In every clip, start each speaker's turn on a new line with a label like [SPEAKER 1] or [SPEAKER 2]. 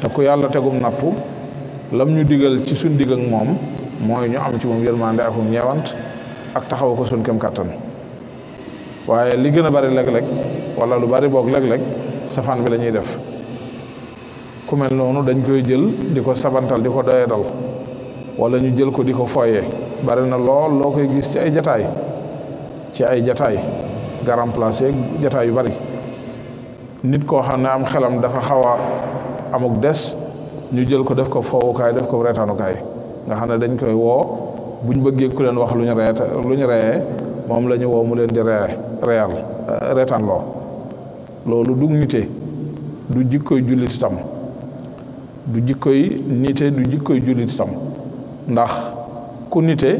[SPEAKER 1] te yàlla tegum napp lam ñu digal ci suñ digg moom mooy ñu am ci moom yërmande akum ñeewant ak taxaw ko suñ kem kàttan waaye li gën a bari léeg-léeg wala lu bari boog léeg-léeg safaan bi la def ku noonu dañ koy jël di ko sabantal di ko doyadal wala ñu jël ko di ko foyee bari na lool loo koy gis ci ay jataay ci ay jataay garam place jataay yu bari nit ko xam ne am xelam dafa xaw amuk des ñu jël ko def ko foowukaay def ko reetaanukaay nga xam ne dañ koy woo buñ bëggee ku leen wax lu ñu reeta lu ñu reyee moom la ñu woo mu leen di ree reyal euh, reetaan loolu du nite du jikkoy jullit itam du jikkoy nite du jikkoy jullit itam ndax ku nite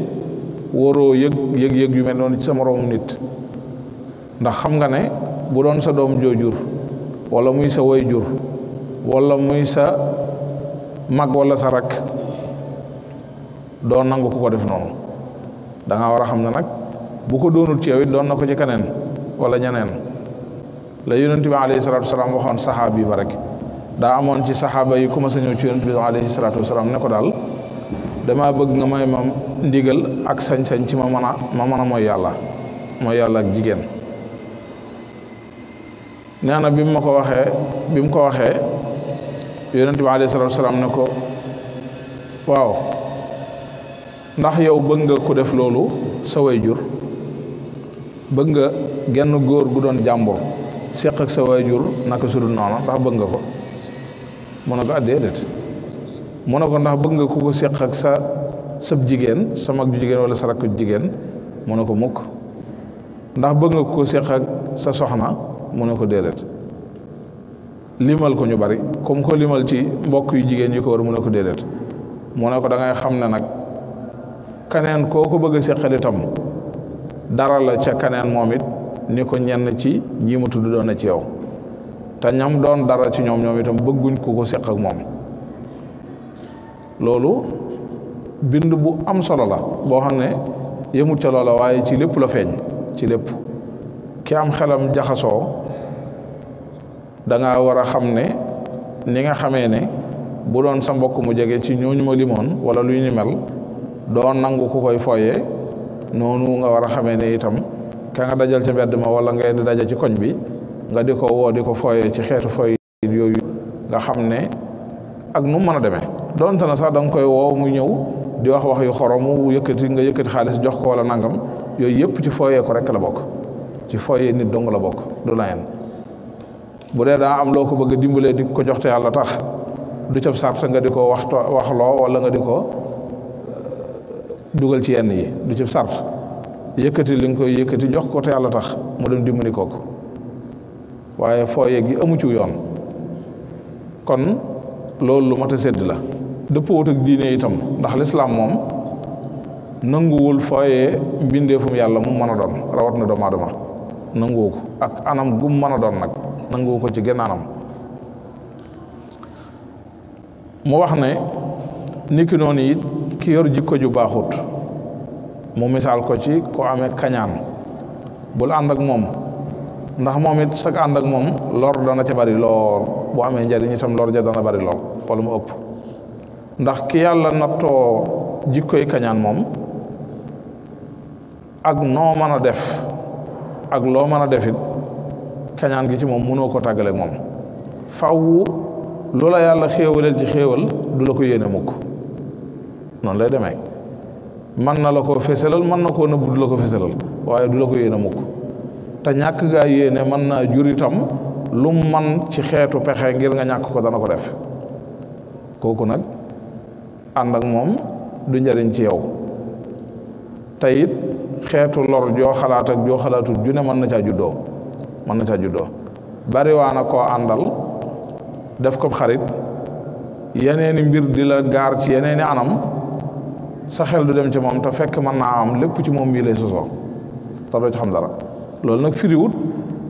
[SPEAKER 1] waroo yëg yëg-yëg yu mel noonu ci sa moroomu nit ndax xam nga ne bu doon sa doom joo jur wala muy sa way jur wala muy sa mag wala sa rak doo nangu ku ko def noonu da war a xam ne nag bu ko doonul ci yow it doon na ko ci keneen wala ñeneen la yonent bi alayhi salatu wasalaam waxoon saxaabi ba rek daa amoon ci saxaaba yi ku ma sa ñëw ci yonent bi daal dama bëgg nga may ma ndigal ak sañ-sañ ci ma ma mën mooy yàlla mooy yàlla ak jigéen nee na bi mu ma ko waxee bi mu ko waxee yonent bi alayhi salaatu salaam na ko waaw ndax yow bëgg nga ko def loolu sa jur bëgg nga genn góor gu doon jàmbur seq ak sa waajur naka su dul noonu ndax bëgg nga ko mu ne ko ah déedéet mu ne ko ndax bëgg nga ku ko seq ak sa sab jigéen sa mag jigéen wala sa rakk jigéen mu ne ko mukk ndax bëgg nga ku ko seq ak sa soxna mu ne ko déedéet limal ko ñu bari comme ko limal ci mbokk yu jigéen ñi ko war mu ne ko déedéet mu ne ko dangay xam ne nag kaneen koo ko bëgg a itam dara la ca kaneen moom it ni ko ñenn ci ñi tudd doon na ci yow te ñam doon dara ci ñoom ñoom itam bëgguñ ku ko seq ak moom loolu bind bu am solo la boo xam ne yëmut ca loola waaye ci lépp la feeñ ci lépp ki am xelam jaxasoo da nga wara xamne ni nga xamé né bu doon sa mbokk mu jege ci ñooñu ma limon wala luy ñu mel do nangu ku koy foyé nonu nga wara xamé né itam ka nga dajal ci mbedd ma wala ngay di daja ci koñ bi nga diko wo diko foyé ko fooyee ci xeetu fooy nga xamné ak nu mëna démé doon donte na sax da koy wo mu ñëw di wax wax yu xoromu yëkëti nga yëkëti xaaliss jox ko wala nangam yoy yépp ci foyé ko rek la bok ci foyé nit dong la bok du yenn bu dee daa am loo ko bëgg a dimbalee di ko jox te yàlla tax du cab sart nga di ko waxto waxloo wala nga di ko euh, dugal ci yenn yi du cab sart yëkkati li nga koy yëkkati jox ko te yàlla tax mu dem dimbali ko waaye foo fooye gi amu ci yoon kon loolu lu mat a sedd la dëppoowut ak diine itam ndax lislaam moom nanguwul foo fooye mbindeefum yàlla mu mën a doon rawat na doomu aadama nanguwu ak anam gum mën a doon nag nanguwu ko ci gennaanam mu wax ne niki non it ki yor jikko ju baxut mu misal ko ci ko Bol kañaan bul and ak mom ndax momit sak and ak mom lor na ci bari lor bu amee ni tam lor ja na bari lor wala mu upp ndax ki natto jikko yi kañaan mom ak no mana def ak lo mana defit kañaan gi ci moom mënoo ko tàggale moom faw loola yàlla xéewaleel ci xéewal du la ko yéene mukk noonu lay demee man na la ko fesalal man na ko nëbb du la ko fesalal waaye du la ko yéene mukk te ñàkk gaa yéene mën naa jur itam lu man ci xeetu pexe ngir nga ñàkk ko dana ko def kooku nag ànd ak moom du njariñ ci yow te it xeetu lor joo xalaat ak joo xalaatul ju ne mën na caa juddoo mën na caa juddoo bari waa na koo àndal def ko xarit yeneeni mbir di la gaar ci yeneeni anam sa xel du dem ci moom te fekk mën naa am lépp ci moom mii lay sosoo te doo ci xam dara loolu nag firiwut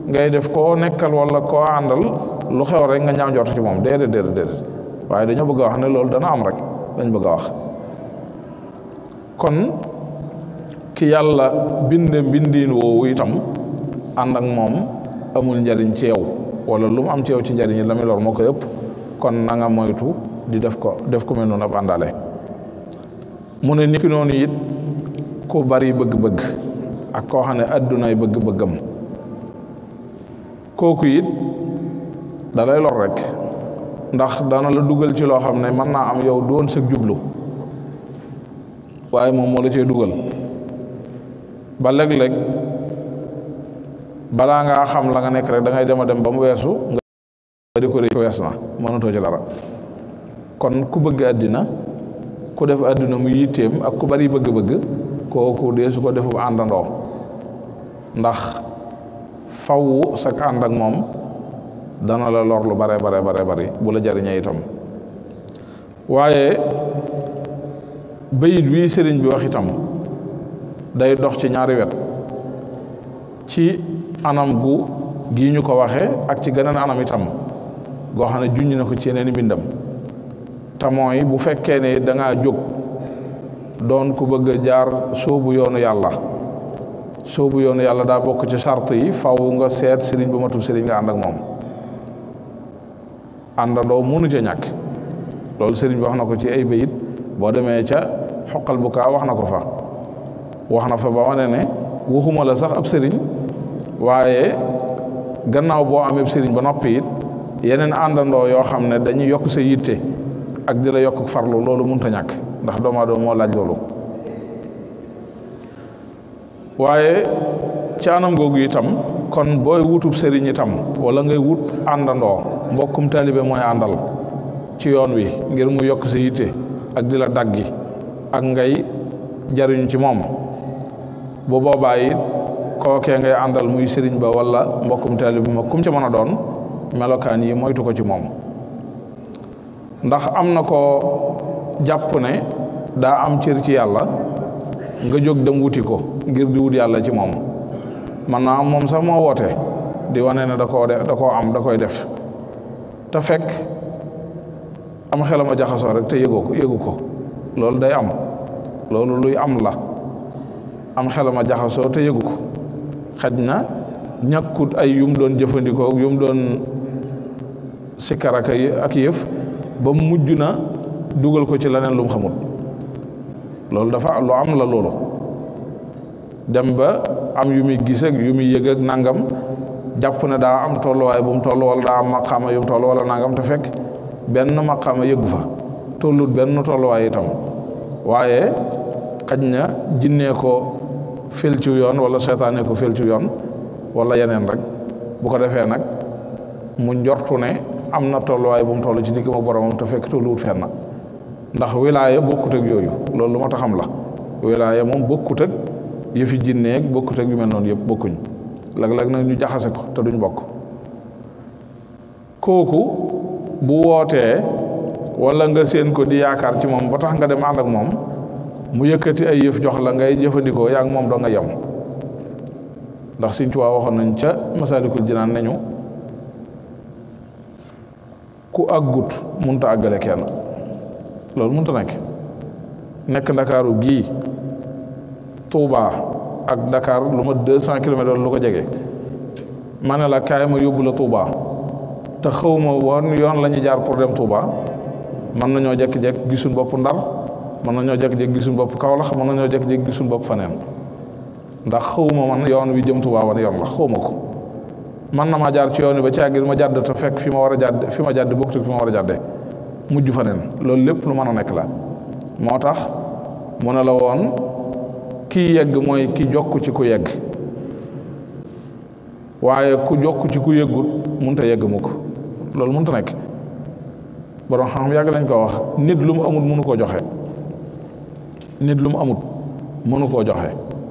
[SPEAKER 1] ngay def koo nekkal wala koo àndal lu xew rek nga ñaaw njort ci moom déedéet déedéet waaye dañoo bëgg a wax ne loolu dana am rek dañ bëgg a wax kon ki yàlla bind mbindiin woowu itam ànd ak moom amul njariñ ci yow wala lu mu am ci yow ci njariñ lamay lor moko yep kon na nga moytu di def ko def ko mel noonu ab mu ne niki non yit ku bari bëgg-bëgg ak ko xane aduna ay bëgg-bëggam koku yit dalay lor rek ndax dana la duggal ci lo xamne ne na am yow doon sa djublu waye mom mo la cey duggal ba leg leg bala nga xam la nga nek rek da ngay dem dem ba wessu nga di ko rëcc wees na ci dara kon ku bëgg adina ku def àddina mu yitteem ak ku bari bëgg-bëgg kooku dee su ko defu andando ndax faw sak and ak mom dana la lor lu bare bare bare bare bu la jariñee itam waaye beuy wi serigne bi wax itam day dox ci ñaari wet ci anam bu gii ñu ko waxee ak ci gëneen anam itam goo xam ne junj na ko ci yeneen mbindam te yi bu fekkee ne da ngaa jóg doon ku bëgg jaar soobu yoonu yàlla soobu yoonu yàlla daa bokk ci sart yi faw nga seet sëriñ bu matul sëriñ nga ànd ak moom àndandoo mënu ca ñàkk loolu sëriñ bi wax na ko ci ay bayit boo demee ca xoqal bu kaa wax na ko fa wax na fa ba wane ne waxuma la sax ab sëriñ waaye gannaaw boo amee sëriñ ba noppi it yeneen àndandoo yoo xam ne dañuy yokk sa yitte ak di la yokk farlu loolu mënut ñàkk ndax doomu aadama moo laaj loolu waaye ci googu itam kon booy wutub sëriñ itam wala ngay wut àndandoo mbokkum taalibe mooy àndal ci yoon wi ngir mu yokk sa yitte ak di la daggi ak ngay jariñ ci moom bu boobaa it kookee ngay àndal muy sëriñ ba wala mbokkum taalibe bi ma kum ca mën a doon melokaan yi moytu ko ci moom ndax am na koo jàpp ne daa am cër ci yàlla nga jóg dem wuti ko ngir di wut yàlla ci moom man naa am moom sax moo woote di wane ne da koo de da koo am da koy def te fekk am xelam a jaxasoo rek te yëgoo ko yëgu ko loolu day am loolu luy am la am xelam a jaxasoo te yëgu ko xaj na ñàkkut ay yum doon jëfandikoo yum doon sikkar ak ak yëf ba mu mujj na dugal ko ci leneen lu mu xamul loolu dafa lu am la loolu dem ba am yu muy gis ak yu muy yëg nangam jàpp na daa am tolluwaay bu mu toll wala daa am maqaama yu mu toll wala nangam te fekk benn maqaama yëgu fa tollut benn tolluwaay itam waaye xaj na jinnee ko fil ci yoon wala seetaanee ko fil ci yoon wala yeneen rek bu ko defee nag mu njortu ne am na tolluwaay bu mu toll ci diggam ak boromam te fekk tolluwut fenn ndax wilaaya bokkut ak yooyu loolu lu ma ta xam la wilaaya moom bokkut ak yëfi jinneeg bokkut ak yu mel noonu yëpp bokkuñ léeg-léeg nag ñu jaxase ko te duñ bokk kooku bu wootee wala nga seen ko di yaakaar ci moom boo tax nga dem ànd ak moom mu yëkëti ay yëf jox la ngay jëfandikoo yaa ngi moom do nga yem ndax Sëñ waxoon nañ ca masalikul Jinaan nañu ku àggut munta àggale kenn loolu munta nekk nekk ndakaaru gii Tuubaa ak Dakar lu ma deux cent lu ko jege ma ne la kaay ma yóbbu la Tuubaa te xawma won yon lañu jaar pour dem man nañu jek jek gisun bop Ndar mën nañoo jékki-jékki gis suñu bopp Kaolack mën nañoo jékki-jékki gis suñu bopp faneen ndax xawuma man yoon wi jëm Tuubaa wan yoon la xawma ko man na maa jaar ci yoon ba ci àggir ma jàdd fekk fi ma war a jàdd fi ma jàdd bokkut a jàdde faneen loolu lépp lu mën a nekk la moo tax mu ne la woon kii yegg mooy ki jokk ci ku yegg waaye ku jokk ci ku yeggut munta a yegg mu ko loolu mënut nekk borom xam yàgg lañ koo wax nit lu mu amul mënu koo joxe nit lu mu amut mënu koo joxe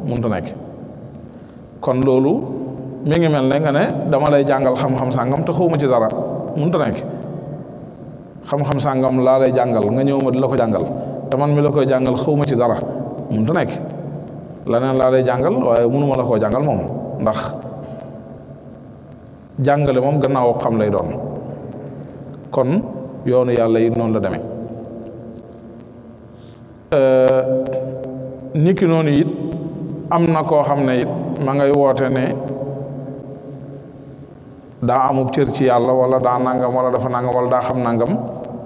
[SPEAKER 1] mënut a nekk kon loolu mi ngi mel ne nga ne dama lay jàngal xam-xam sàngam te xawma ci dara mënut a nekk xam sàngam laa lay jàngal nga ñëw ma di la ko jàngal te man mi la koy jàngal xawma ci dara mënut a nekk laa lay jàngal waaye mënuma la koo jàngal moom ndax jàngale moom gannaaw xam lay doon kon yoonu yàlla yi noonu la demee euh, ki noonu it am na koo xam ne it ma ngay woote ne daa amub cër ci yàlla wala daa nangam wala dafa nangam wala daa xam nangam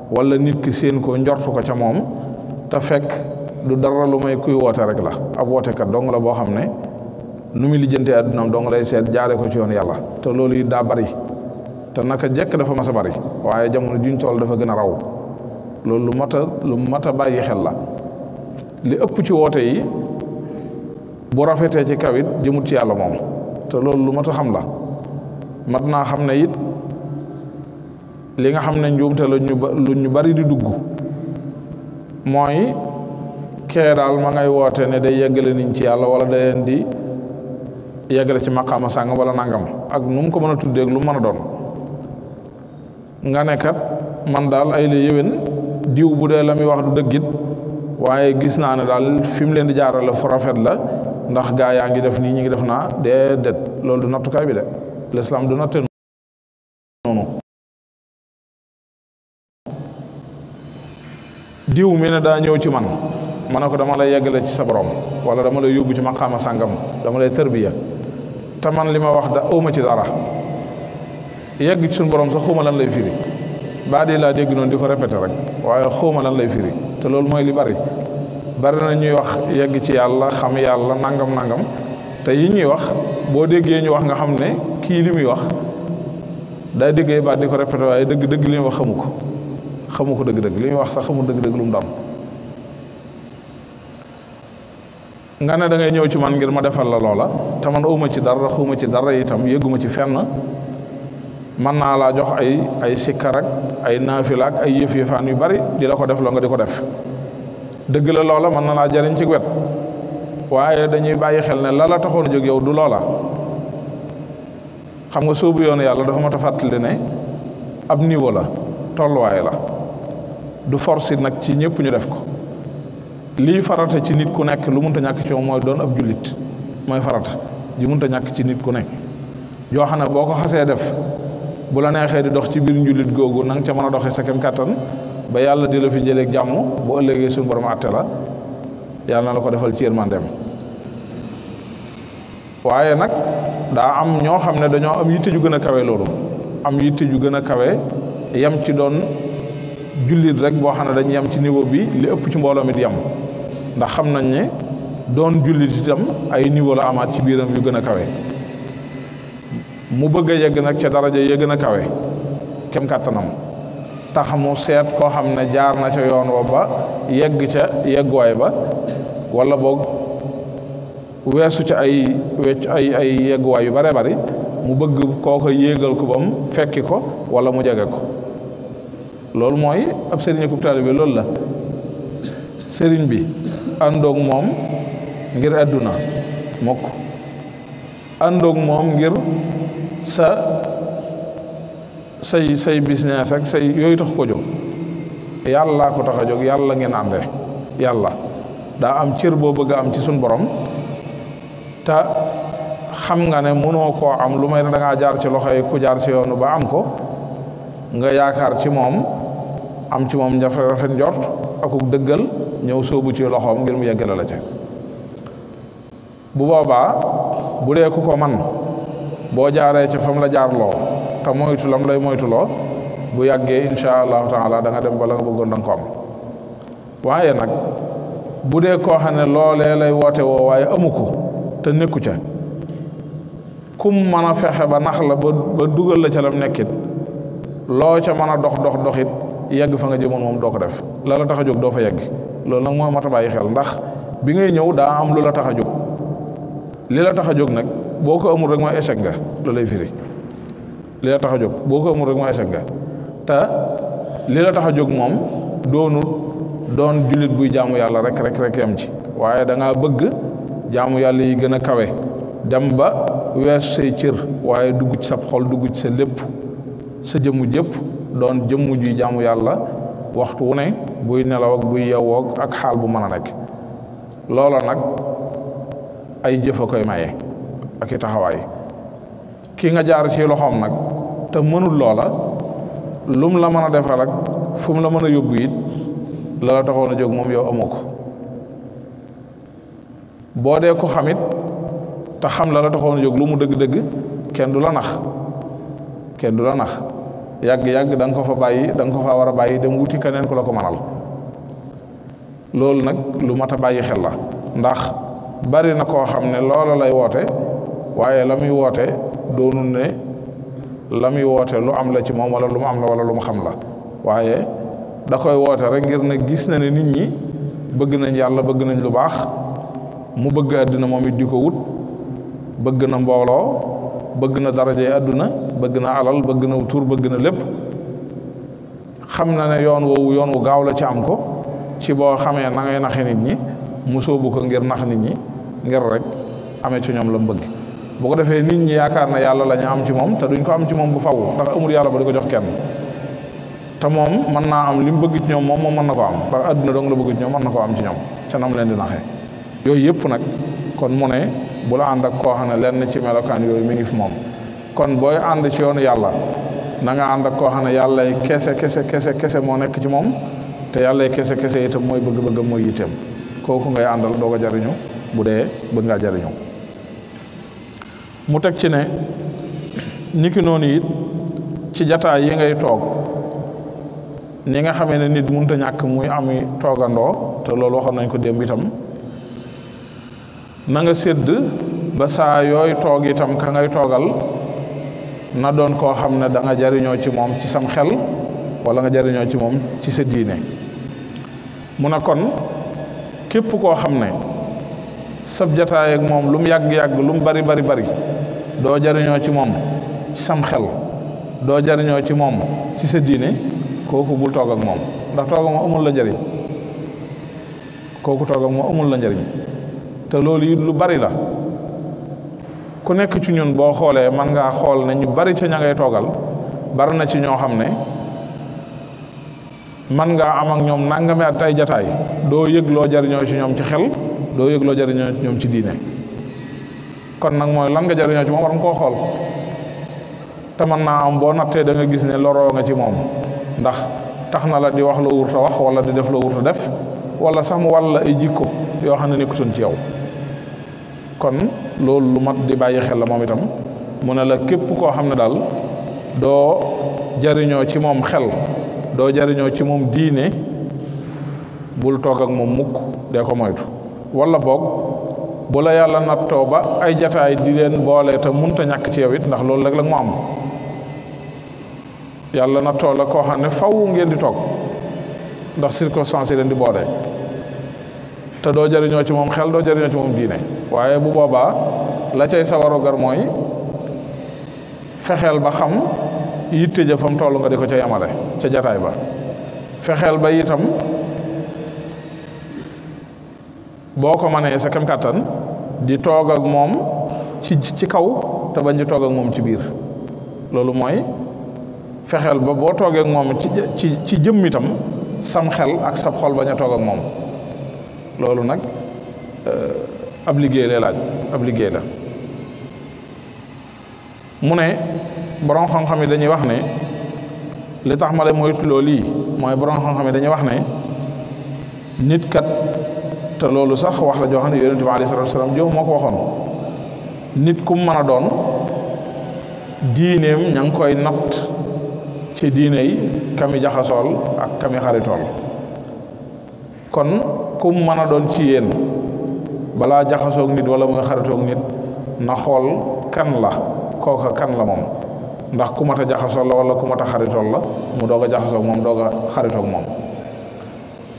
[SPEAKER 1] wala nit ki seen ko njortu ko ca moom te fekk du dara lu may kuy woote rek la ab wootekat dong la boo xam ne nu muy lijjante addunaam dong lay seet jaare ko ci yoon yàlla te loolu it daa bari te naka jekk dafa mas a bari waaye jamono juñ tool dafa gën a raw loolu lu mat lu mat a bàyyi xel la li ëpp ci woote yi bu rafetee ci kawit it jëmut ci yàlla moom te loolu lu mat a xam la mat naa xam ne it li nga xam ne njuumte la ñu lu ñu bari di dugg mooy kee daal ma ngay woote ne day yeggale niñ ci yàlla wala day di yeggale ci maqaama sàng wala nangam ak nu mu ko mën a tuddee lu mën a doon nga ne man daal ay la yéwén diw bu dee la muy wax du dëggit waaye gis naa ne daal fi mu leen di jaarale fu rafet la ndax gaa yaa ngi def nii ñu ngi def naa déedéet loolu du nattukaay bi de l'islam du nattee noonu diw mi ne daa ñëw ci man ma ne ko dama lay yeggale ci sa borom wala dama lay yóbbu ci maqaama sàngam dama lay tërbiya te man li ma wax da awma ci dara yegg ci suñu borom sax xawma lan lay firi baa di laa dégg noonu di ko répété rek waaye xawma lan lay firi te loolu mooy li bari bari na ñuy wax yegg ci yàlla xam yàlla nangam nangam te yi ñuy wax boo déggee ñu wax nga xam ne kii li muy wax daa déggee baat di ko répété waaye dëgg dëgg li wax xamu ko xamu ko dëgg dëgg li muy wax sax xamu dëgg dëgg lu mu doon nga ne da ñëw ci man ngir ma defal la loola te man ci dara xuma ci dara itam yëgguma ci fenn mën naa laa jox ay ay sikkar ak ay naafila ak ay yëf yëfaan yu bari di la ko def loo nga di ko def dëgg la loola mën na laa jariñ ci wet waaye dañuy bàyyi xel ne la la taxoon jóg yow du loola xam nga soobu yoon yàlla dafa mat a fàttali ne ab niveau la tolluwaay la du force nag ci ñëpp ñu def ko lii farata ci nit ku nekk lu munta ñàkk ci mooy doon ab jullit mooy farata ji munta ñàkk ci nit ku nekk yoo xam ne boo ko xasee def bu la neexee di dox ci biir njulit googu na nga ca mën a doxee sa kem kàttan ba yàlla di la fi jëleek jàmm bu ëllëgee suñu borom àtte la yàlla na la ko defal ci yërmandeem waaye nag daa am ñoo xam ne dañoo am yitte ju gën a kawe loolu am yitte ju gën a kawe yam ci doon jullit rek boo xam ne dañ yem ci niveau bi li ëpp ci mbooloo mi di yem ndax xam nañ ne doon jullit itam ay niveau la amaat ci biiram yu gën a kawe mu bëgg a nag ca daraja yëgg na kawe kem kàttanam tax mu seet koo xam ne jaar na ca yoon wa ba yegg ca yegguwaay ba walla boog weesu ca ay wecc ay ay yu bare bari mu bëgg koo ko yéegal ko ba mu fekki ko wala mu jege ko loolu mooy ab sëriñ ak bi loolu la sëriñ bi àndoog moom ngir àdduna mokk àndoog moom ngir sa say say business ak say yooyu tax ko jóg yàllaa ko tax a jóg yàlla ngeen ànde yàlla daa am cër boo bëgg a am ci suñ borom ta xam nga ne mënoo koo am lu may ne da jaar ci loxo yi ku jaar ci yoonu ba am ko nga yaakaar ci moom am ci moom njafe rafet njort akuk dëggal ñëw sóobu ci loxoom ngir mu yeggale la ca bu boobaa bu dee ku ko man boo jaaree ci fam la jaarloo te moytu lam moytuloo bu yàggee insha allahu taala danga nga dem ba nga bëggoon danga ko am waaye nag bu dee koo xam ne loolee lay woote woo waaye amu ko te nekku ca kum mën a fexe ba nax la ba dugal la ca lam nekkit loo ca mën a dox dox doxit yegg fa nga jëmoon moom doo ko def la la tax a jóg doo fa yegg loolu nag moo mat bàyyi xel ndax bi ngay ñëw daa am lu la tax a jóg li la tax a jóg nag boo ko amul rek mooy échec nga la lay firi li la tax a jóg boo ko amul rek mooy échec te li la tax a jóg moom doonul doon jullit buy jaamu yàlla rek rek yam ci waaye danga bëgg jaamu yàlla yi gën a kawe dem ba wees say cër waaye dugg ci sa xol dugg ci sa lépp sa jëmmu jëpp doon jëmm juy jaamu yàlla waxtu wu ne buy nelaw ak buy yeewoo ak xaal bu mën a nekk loola nag ay jëf koy maye. ak i taxawaay kii nga jaar ci loxoom nag te mënul loola lum la mën a defal ak fu la mën a yóbbu it la la taxoon a jóg moom yow amoo ko boo dee ko xamit te xam la la taxoon a jóg lu mu dëgg-dëgg kenn du la nax kenn du la nax yàgg-yàgg danga ko fa bàyyi danga ko fa war a bàyyi dem wuti keneen ku la ko manal loolu nag lu mat a bàyyi xel la ndax bari na koo xam ne loola lay woote waaye la muy woote doonul ne la muy woote lu am la ci moom walla lu mu am la wala lu ma xam la waaye da koy woote rek ngir ne gis na ne nit ñi bëgg nañ yàlla bëgg nañ lu baax mu bëgg àddina moom it di ko wut bëgg na mbooloo bëgg na darajee àdduna bëgg na alal bëgg na tur bëgg na lépp xam na ne yoon woowu yoon wu gaaw la ci am ko ci boo xamee na ngay naxe nit ñi musóobu ko ngir nax nit ñi ngir rek amee ci ñoom la mu bëgg bu ko defee nit ñi yaakaar na yàlla la ñu am ci moom te duñ ko am ci moom bu faw ndax amul yàlla ba di ko jox kenn te moom mën naa am li mu bëgg ci ñoom moom moom mën na ko am ndax adduna dong bëgg ci ñoom mën ko am ci ñoom ca nam leen di naxe yooyu yëpp nag kon mu ne bu la ànd ak koo xam ne lenn ci melokaan yooyu mi ngi fi moom kon booy ànd ci yoonu yàlla na nga ànd ak koo xam ne yàlla kese kese kese kese moo nekk ci moom te yàlla kese kese itam mooy bëgg-bëggam mooy yitteem kooku ngay àndal doog a jariñu bu dee bëgg ngaa jariñu mu teg ci ne niki noonu it ci jataay yi ngay toog ni nga xamee ne nit mënut a ñàkk muy ami toogandoo te loolu waxoon nañ ko démb itam na nga sédd ba saa yooy toog itam ka ngay toogal na doon koo xam ne da jariñoo ci moom ci sam xel wala nga jariñoo ci moom ci sa diine mu ne kon képp koo xam ne sab jataay ak moom lu mu yàgg-yàgg lu mu bari bari bari doo jariñoo ci moom ci sam xel doo jariñoo ci moom ci sa diine kooku bul toog ak moom ndax toog ak moom amul la njariñ kooku toog ak moom amul la njariñ te loolu yi lu bari la ku nekk ci ñun boo xoolee man ngaa xool ne ñu bari ca ña ngay toogal bari na ci ñoo xam ne man ngaa am ak ñoom nangami at ay jataay doo yëg loo jariñoo ci ñoom ci xel doo yëg loo jariñoo ci ñoom ci diine kon nak moy lan nga jarino ci mom war nga koo xool te mën naa am bo nattee da nga gis ne loro nga ci mom ndax taxna la di wax lo wurtu wax wala di def lo wurtu def wala sax mu wala ay jikko yo ne sun ci yow kon lo lu mat di baye xel mom itam mu ne la képp koo xam ne daal doo ci mom xel do jarino ci mom diine bul tok ak mom mukk de ko moytu wala bok bu la yàlla nattoo ba ay jataay di leen boole te munta ñàkk ci yow it ndax loolu rek la mu am yàlla nattoo la koo xam ne faw ngeen di toog ndax circonstance yi leen di boole te doo jëriñoo ci moom xel doo jëriñoo ci moom diine waaye bu boobaa la cay sa warugar mooy fexeel ba xam yitte ja fam toll nga di ko ca yamale ca jataay ba fexeel ba itam boo ko mënee sa kem kàttan di toog ak moom ci ci kaw te bañ di toog ak moom ci biir loolu mooy fexeel ba boo toogee moom ci ci ci jëmm itam sam xel ak sab xol bañ a toog ak moom loolu nag euh, ab liggéey lay laaj ab liggéey la mu ne borom xam-xam yi dañuy wax ne li tax ma lay moytu loolu lii mooy borom xam-xam yi dañuy wax ne nit kat. te loolu sax wax la joo xam ne yonent bi aleyhi salaatu wa ko waxoon nit kum mën a doon diineem ña ngi koy natt ci diine yi kami jaxasool ak kami xaritool kon ku mën a doon ci yéen balaa jaxasoog nit wala muy xaritoog nit na xool kan la kooka kan la moom ndax ku mat a jaxasool la wala ku mat a xaritool la mu doog a jaxasoog moom doog a xaritoog moom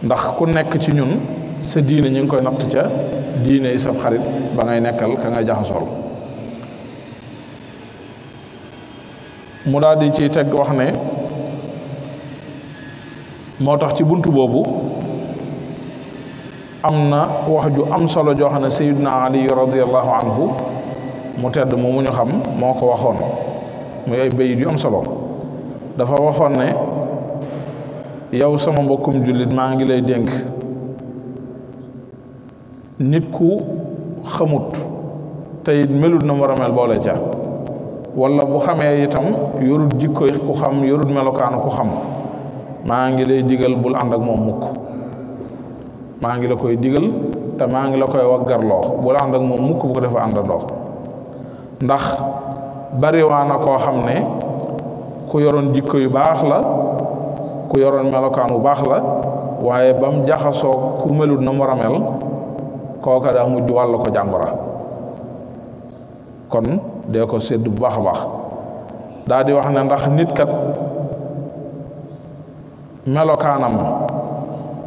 [SPEAKER 1] ndax ku nekk ci ñun sa diine ñu ngi koy natt ca diine yi sab xarit ba ngay nekkal ka ngay jaxasool mu daal di ci teg wax ne moo tax ci bunt boobu am na wax ju am solo joo xam ne sayyiduna ali radiallahu anhu mu tedd mu mu ñu xam moo ko waxoon muy ay bayit yu am solo dafa waxoon ne yow sama mbokkum jullit maa ngi lay dénk nit ku xamut tey melut na mu war a boole ca wala bu xamee itam yorut jikko ku xam yorut melokaanu ku xam maa ngi lay digal bul ànd ak moom mukk maa ngi la koy digal te maa ngi la koy waggarloo bul ànd ak moom mukk bu ko defa àndandoo ndax bariwaa na koo xam ne ku yoroon jikko yu baax la ku yoroon melokaan bu baax la waaye bam jaxasoo ku melut na mu koka da mujj wal ko jangora kon de ko sédd bax bax a di wax ne ndax nit kat melokanam,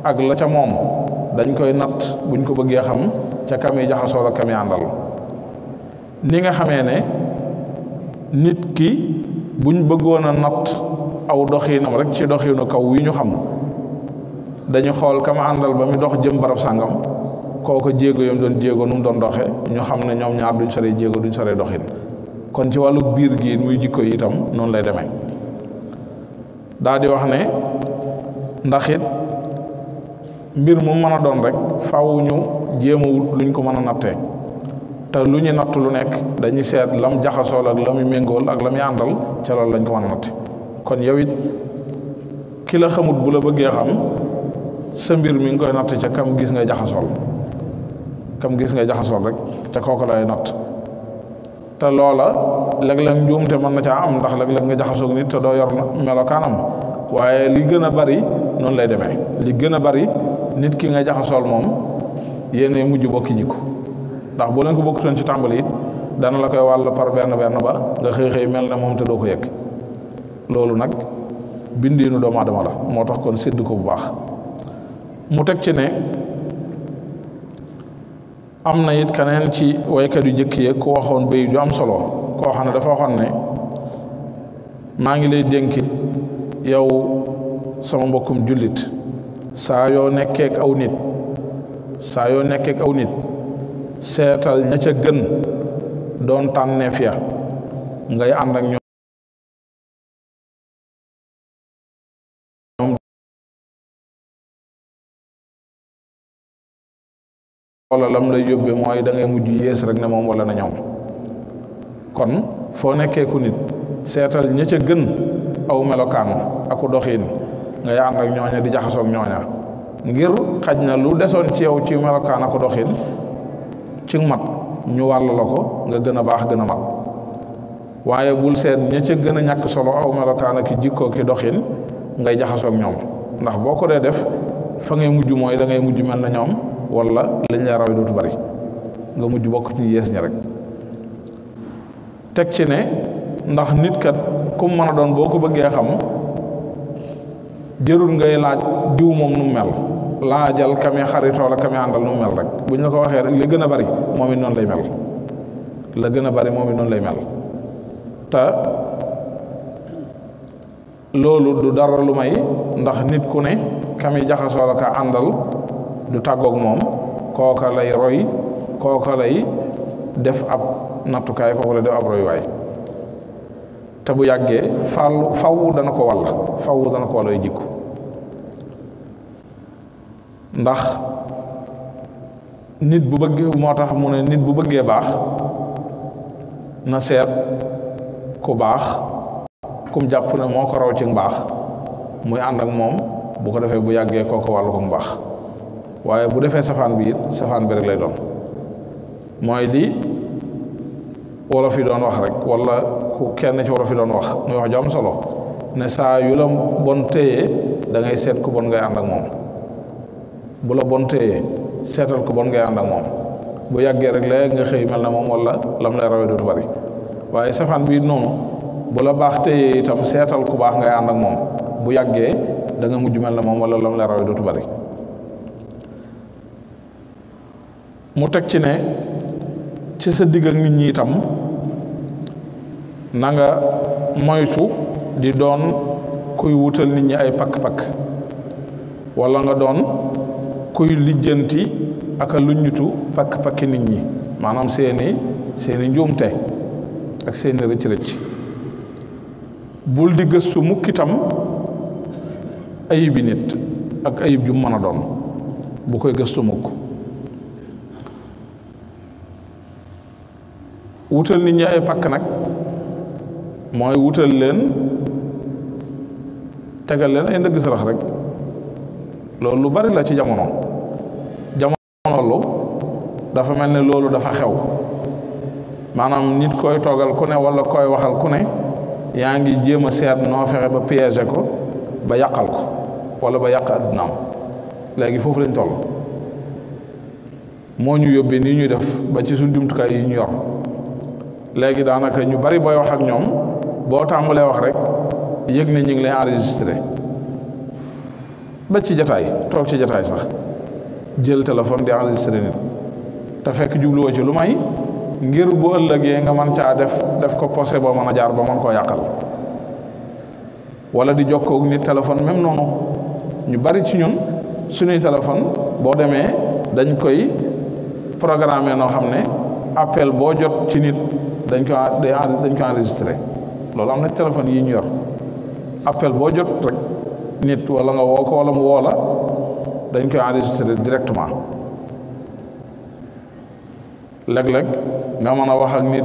[SPEAKER 1] ak la ca mom dañ koy nat buñ ko bëggee xam ca kami jaxaso la kami andal ni nga xamé ne nit ki buñ bëggona nat aw doxiinam rek ci doxiinu kaw wi ñu xam dañu xol kama andal ba mi dox jëm barab sangam kooko jéego yam doon jéego nu mu doon doxe ñu xam ne ñoom ñaar duñ sore jéego duñ saree doxin kon ci wàllu biir gi muy jikko yi itam noonu lay demee daa di wax ne ndax it mbir mu mën a doon rek faw ñu jéem a luñ ko mën a nattee te lu ñu natt lu nekk dañuy seet lam jaxasool ak la muy méngool ak la muy àndal ca loolu lañ ko mën a natte kon yow it ki la xamut bu la bëggee xam sa mbir mi ngi koy natt ca kam gis nga jaxasool kam gis nga jaxasool rek te kooku lay natt te loola léeg-léeg njuumte mën na caa am ndax léeg-léeg nga jaxasoog nit te doo yor melo melokaanam waaye li gën a bari noonu lay demee li gën a bari nit ki nga jaxasool moom yéenay mujj bokki jikko ndax boo leen ko bokkutoon ci tàmbali it dana la koy wàll par benn benn ba nga xëy xëy mel ne moom te doo ko yëg loolu nag bindiinu doomu aadama la moo tax kon sédd ko bu baax mu teg ci ne am na it keneen ci waykat yu njëkk yi ku waxoon béy ju am solo koo xam ne dafa waxoon ne maa ngi lay dénkit yow sama mbokkum jullit saa yoo nekkeek aw nit saa yoo nekkeek aw nit seetal ña ca gën doon tànneef ya ngay ànd ak loola lam lay yóbbe mooy da ngay mujj yées rek ne moom wala na ñoom kon foo nekkee ku nit seetal ña ca gën aw melokaan aku doxiin ngay ànd ak ñooña di jaxasoog ñooña ngir xaj na lu desoon ci yow ci melokaan aku doxiin ci mat ñu wàll la ko nga gën a baax gën a mat waaye bul seet ña ca gën a ñàkk solo aw melokaan ak jikkoo ki doxin ngay jaxasoog ñoom ndax boo ko dee def fa ngay mujj mooy dangay mujj mel na ñoom walla lañ la rawee dootu bari nga mujj bokk ci yees ña rek teg ci ne ndax nit kat ku mën a doon boo ko bëggee xam jërul ngay laaj diw moom nu mel laajal kame xaritoo la kame àndal nu mel rek bu ñu la ko waxee rek li gën a bari moom it noonu lay mel la gën a bari moom it noonu lay mel te loolu du dara lu may ndax nit ku ne kami jaxasoo la ka àndal du tàggook moom kooka lay roy kooka lay def ab nattukaay kooka lay def ab te bu yàggee fàllu faw dana ko walla faw dana ko walla ay jikko ndax nit bu bëgg moo tax mu ne nit bu bëggee baax na seet ku baax kum jàpp ne moo ko raw ci mbaax muy ànd ak moom bu ko defee bu yàggee kooku wàllu ko mu baax waaye bu defee safaan bi it safaan bi rek lay doon mooy li wolof yi doon wax rek wala ku kenn ci wolof yi doon wax muy wax ju solo ne saa yu la bon téye da seet ku bon ngay ànd ak moom bu la seetal ku bon ngay ànd ak moom bu yàggee rek léegi nga xëy mel na moom wala lam lay rawee dootu bari waaye safaan bi noonu bu la baax téye itam seetal ku baax ngay ànd ak moom bu yàggee da mujj mel na moom wala lam lay dootu bari mu teg ci ne ci sa digg ak nit ñi itam na nga moytu di doon kuy wutal nit ñi ay pakk-pakk wala nga doon kuy lijjanti ak a luññutu pakk-pakki nit ñi maanaam seeni seeni njuumte ak seeni rëcc-rëcc bul di gëstu mukk itam ayibi nit ak ayib ju mën a doon bu koy gëstu mukk wutal nit ñi ay pakk nag mooy wutal leen tegal leen ay ndëgg sërax rek loolu lu bari la ci jamono jamono lu dafa mel ne loolu dafa xew maanaam nit koy togal ku ne wala koy waxal ku ne yaa ngi jéem a seet noo fexe ba piégé ko ba yàqal ko wala ba yàq addunaam léegi foofu lañ toll moo ñu yóbbee nii ñuy def ba ci suñ jumtukaay yi ñu yor léegi daanaka ñu bari booy wax ak ñoom boo tàmbalee wax rek yëg ne ñu ngi lay enregistré ba ci jataay toog ci jataay sax jël téléphone di enregistré nit te fekk jubluwoo ci lu may ngir bu yee nga man caa def def ko posé boo mën a jaar ba mën koo yàqal wala di jokkoo ak nit téléphone même noonu ñu bari ci ñun suñuy téléphone boo demee dañ koy programmer noo xam ne appel boo jot ci nit dañ ko dañ ko enregistré loolu am na téléphone yi ñu yor appel boo jot rek nit walla nga woo ko walla mu woo la dañ koy enregistré directement léeg-léeg nga man a wax ak nit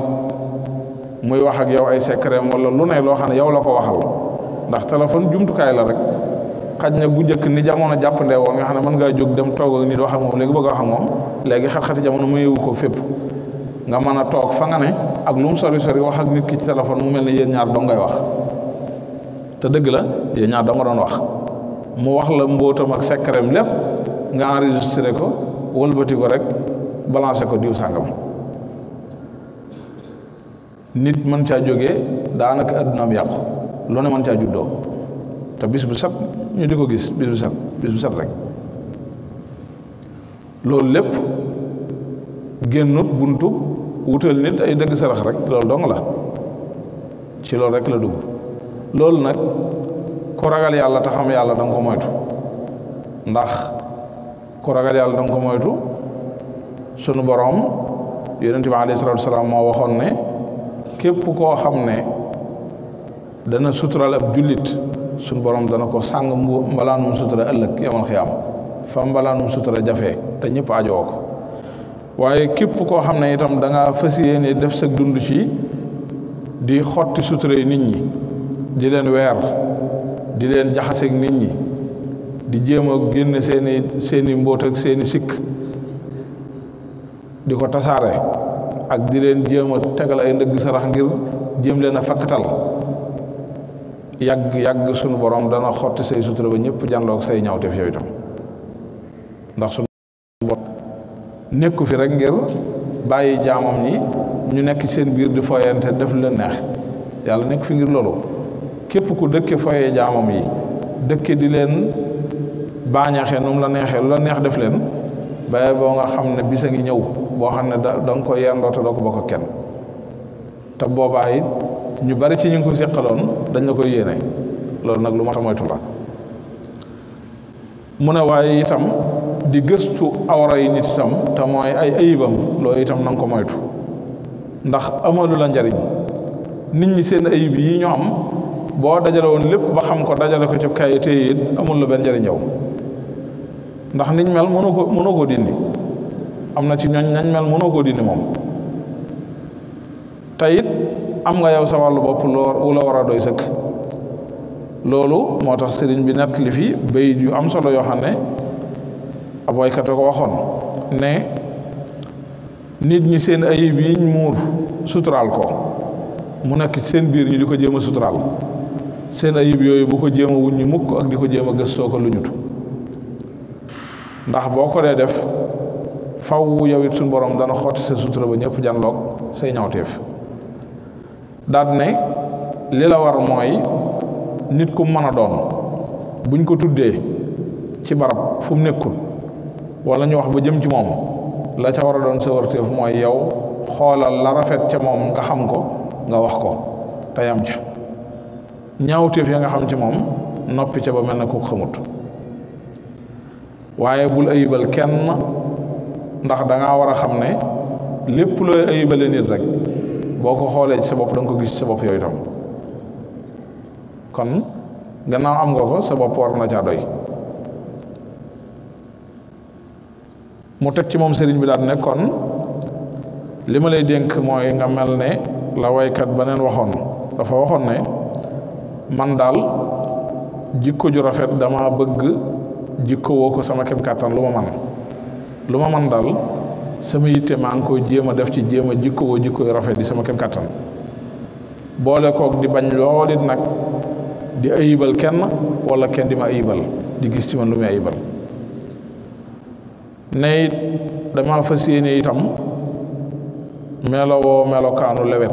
[SPEAKER 1] muy wax ak yow ay secret wala lu ne loo xam ne yow la ko waxal ndax téléphone jumtukaay la rek xaj na bu njëkk ni jamono jàppandee woon nga xam ne mën ngaa jóg dem toog ak nit wax ak moom léegi bëgg wax ak moom léegi xat-xati jamono mu yeewu ko fépp nga mën a toog fa nga ne ak lu mu sori sori wax ak nit ki ci téléphone mu mel ni yéen ñaar dong ngay wax te dëgg la yéen ñaar dong nga doon wax mu wax la mbóotam ak sekkareem lépp nga enregistré ko walbati ko rek balancé ko diw sàngam nit mën caa jóge daanaka addunaam yàqu loolu ne mën caa juddoo te bis bu set ñu di ko gis bis bu set rek loolu lépp génnut buntub wutal nit ay dëgg sarax rek loolu dong la ci loolu rek la dugg loolu nag ku ragal yàlla te xam yàlla danga ko moytu ndax ku ragal yàlla danga ko moytu sunu boroom yonent bi alayhi salaatu wasalaam moo waxoon ne képp koo xam ne dana sutural ab jullit sunu borom dana ko sàng mbalaan mu sutura ëllëg yamal xiyaam am mbalaan mu sutura jafe te ñëpp ajoo ko waye kep ko xamne itam da nga fassiyene def sa dund ci di xoti sutra nit ñi di len wer di len jaxaseeg nit ñi di jema a génn seeni seeni mbóot ak seeni sik di ko tasare ak di len jema tegal ay ndëgg sarax ngir jëm leena a yag yag sunu borom dana xoti say sutra ba ñëpp jànloog say def yow itam ndax sunu nekku fi rek ngir bàyyi jaamam ñi ñu nekk ci seen biir di foyante def lu neex yàlla nekk fi ngir loolu képp ku dëkke foyee jaamam yi dëkke di leen baañaxe nu la neexee la neex def leen baye boo nga xam ne bis a ngi ñëw boo xam ne da da nga ko yendoo te doo ko bokk kenn te boobaa it ñu bari ci ñu ngi ko seqaloon dañ la koy yéene loolu nag lu ma ta la mu ne waaye itam di gëstu awray nit itam te mooy ay ayibam loolu itam na nga ko moytu ndax amalu la njariñ nit ñi seen ayib yi ñu am boo dajale woon lépp ba xam ko dajale ko ci kay téye amul la benn njariñ yow ndax niñ mel mënoo ko mënoo koo dindi am na ci ñooñ nañ mel mënoo koo dindi moom te am nga yow sa wàllu bopp loo la war a doy sëkk loolu moo tax sëriñ bi nett li bayit yu am solo yoo xam ne abooy waykat ko waxoon ne nit ñi seen ayib ñu muur suturaal ko mu nekk seen biir ñu di ko jéem a suturaal seen ayib yooyu bu ko jéem a wuññi mukk ak di ko jéem a soo ko lu ñutu ndax boo ko dee def faw yow it suñ borom dana xotti sa sutura ba ñépp janloog say ñawteef daat ne li la war mooy nit ku mën a doon buñ ko tuddee ci barab fu mu nekkul wala ñu wax ba jëm ci moom la ca war a doon sa warteef mooy yow xoolal la rafet ca moom nga xam ko nga wax ko te yam ca ñaawteef ya nga xam ci moom noppi ca ba mel na ku xamut waaye bul ayibal kenn ndax danga war a xam ne lépp looy ayibale nit rek boo ko xoolee ci sa bopp da ko gis ci sa bopp yooyu kon gannaaw am nga ko sa bopp war na caa doy mu tek ci mom serigne bi daal ne kon lima lay denk moy nga melne ne way kat banen waxoon dafa waxoon ne man dal jikko ju rafet dama bëgg jikko woko sama kem katan luma man luma ma man dal sama yitte jema def ci jema jikko wo jikko rafet di sama kem katan ko di bañ lolit nak di ayibal kenn wala kenn di ma ayibal di gis ci man lu ayibal nayi dama fasiyene itam melowo melokaanu lewet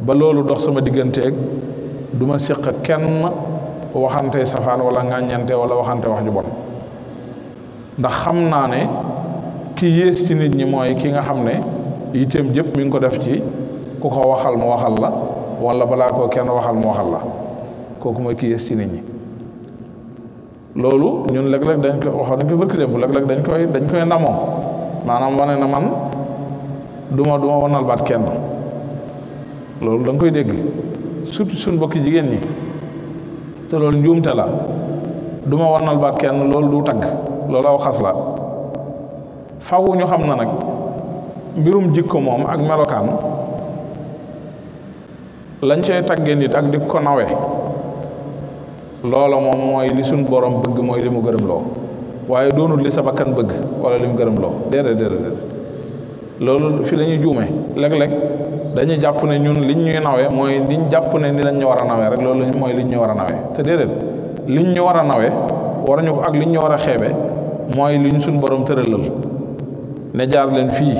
[SPEAKER 1] ba loolu dox sama digganteeg duma siq kenn waxante safaan wala ŋàññante wala waxante wax ju bon ndax xam naa ne ki yées ci nit ñi mooy ki nga xam ne itam jëpp mi ngi ko def ci ku ko waxal mu waxal la wala balaa koo kenn waxal mu waxal la kooku mooy ki yées ci nit ñi loolu ñun léeg-léeg dañ koy waxoon nañ ko bërki démb léeg-léeg dañ koy dañ koy namoo maanaam wane na man du ma du ma wanal baat kenn loolu da koy dégg surtout suñ bokki jigéen ñi te loolu njuumte la du ma wanal baat kenn loolu du tagg loolu aw xas la fawu ñu xam na nag mbirum jikko moom ak melokaan lañ cay tagge nit ak di ko nawe loola moom mooy li suñ borom bëgg mooy li mu gërëm loo waaye doonul li sa bakkan bëgg wala li mu gërëm loo déedéet déedéet loolu fi lañuy ñuy juume léeg-léeg dañuy jàpp ne ñun liñ ñuy nawee mooy liñ jàpp ne ni lañ ñu war a nawee rek loolu mooy li ñu war a nawee te déedéet li ñu war a nawee war ñu ko ak liñ ñu war a xeebe mooy li ñu suñ borom tëralal ne jaar leen fii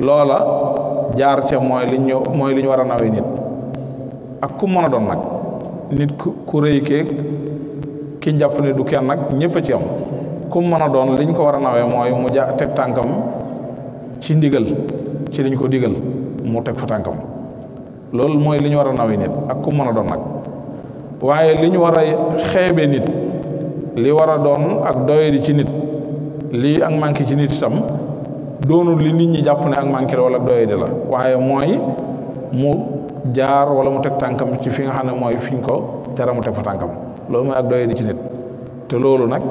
[SPEAKER 1] loola jaar ca mooy liñ ñu mooy li ñu war a nawee nit ak ku mën a doon nag nit ku rëy keeg ki jàpp ne du kenn nag ñëpp a ci am ku mën a doon liñ ko war a nawee mooy mu ja teg tànkam ci ndigal ci liñ ko digal mu teg fa tànkam loolu mooy li ñu war a nawee nit ak ku mën a doon nag waaye li ñu war a xeebe nit li war a doon ak doyadi ci nit lii ak manqué ci nit itam doonul li nit ñi jàpp ne ak manqué la wala doyadi la waaye mooy mu jaar wala mu teg tànkam ci fi nga xam ne mooy fiñ ko tere mu teg fa tànkam loolu mooy ak doye di ci nit te loolu nag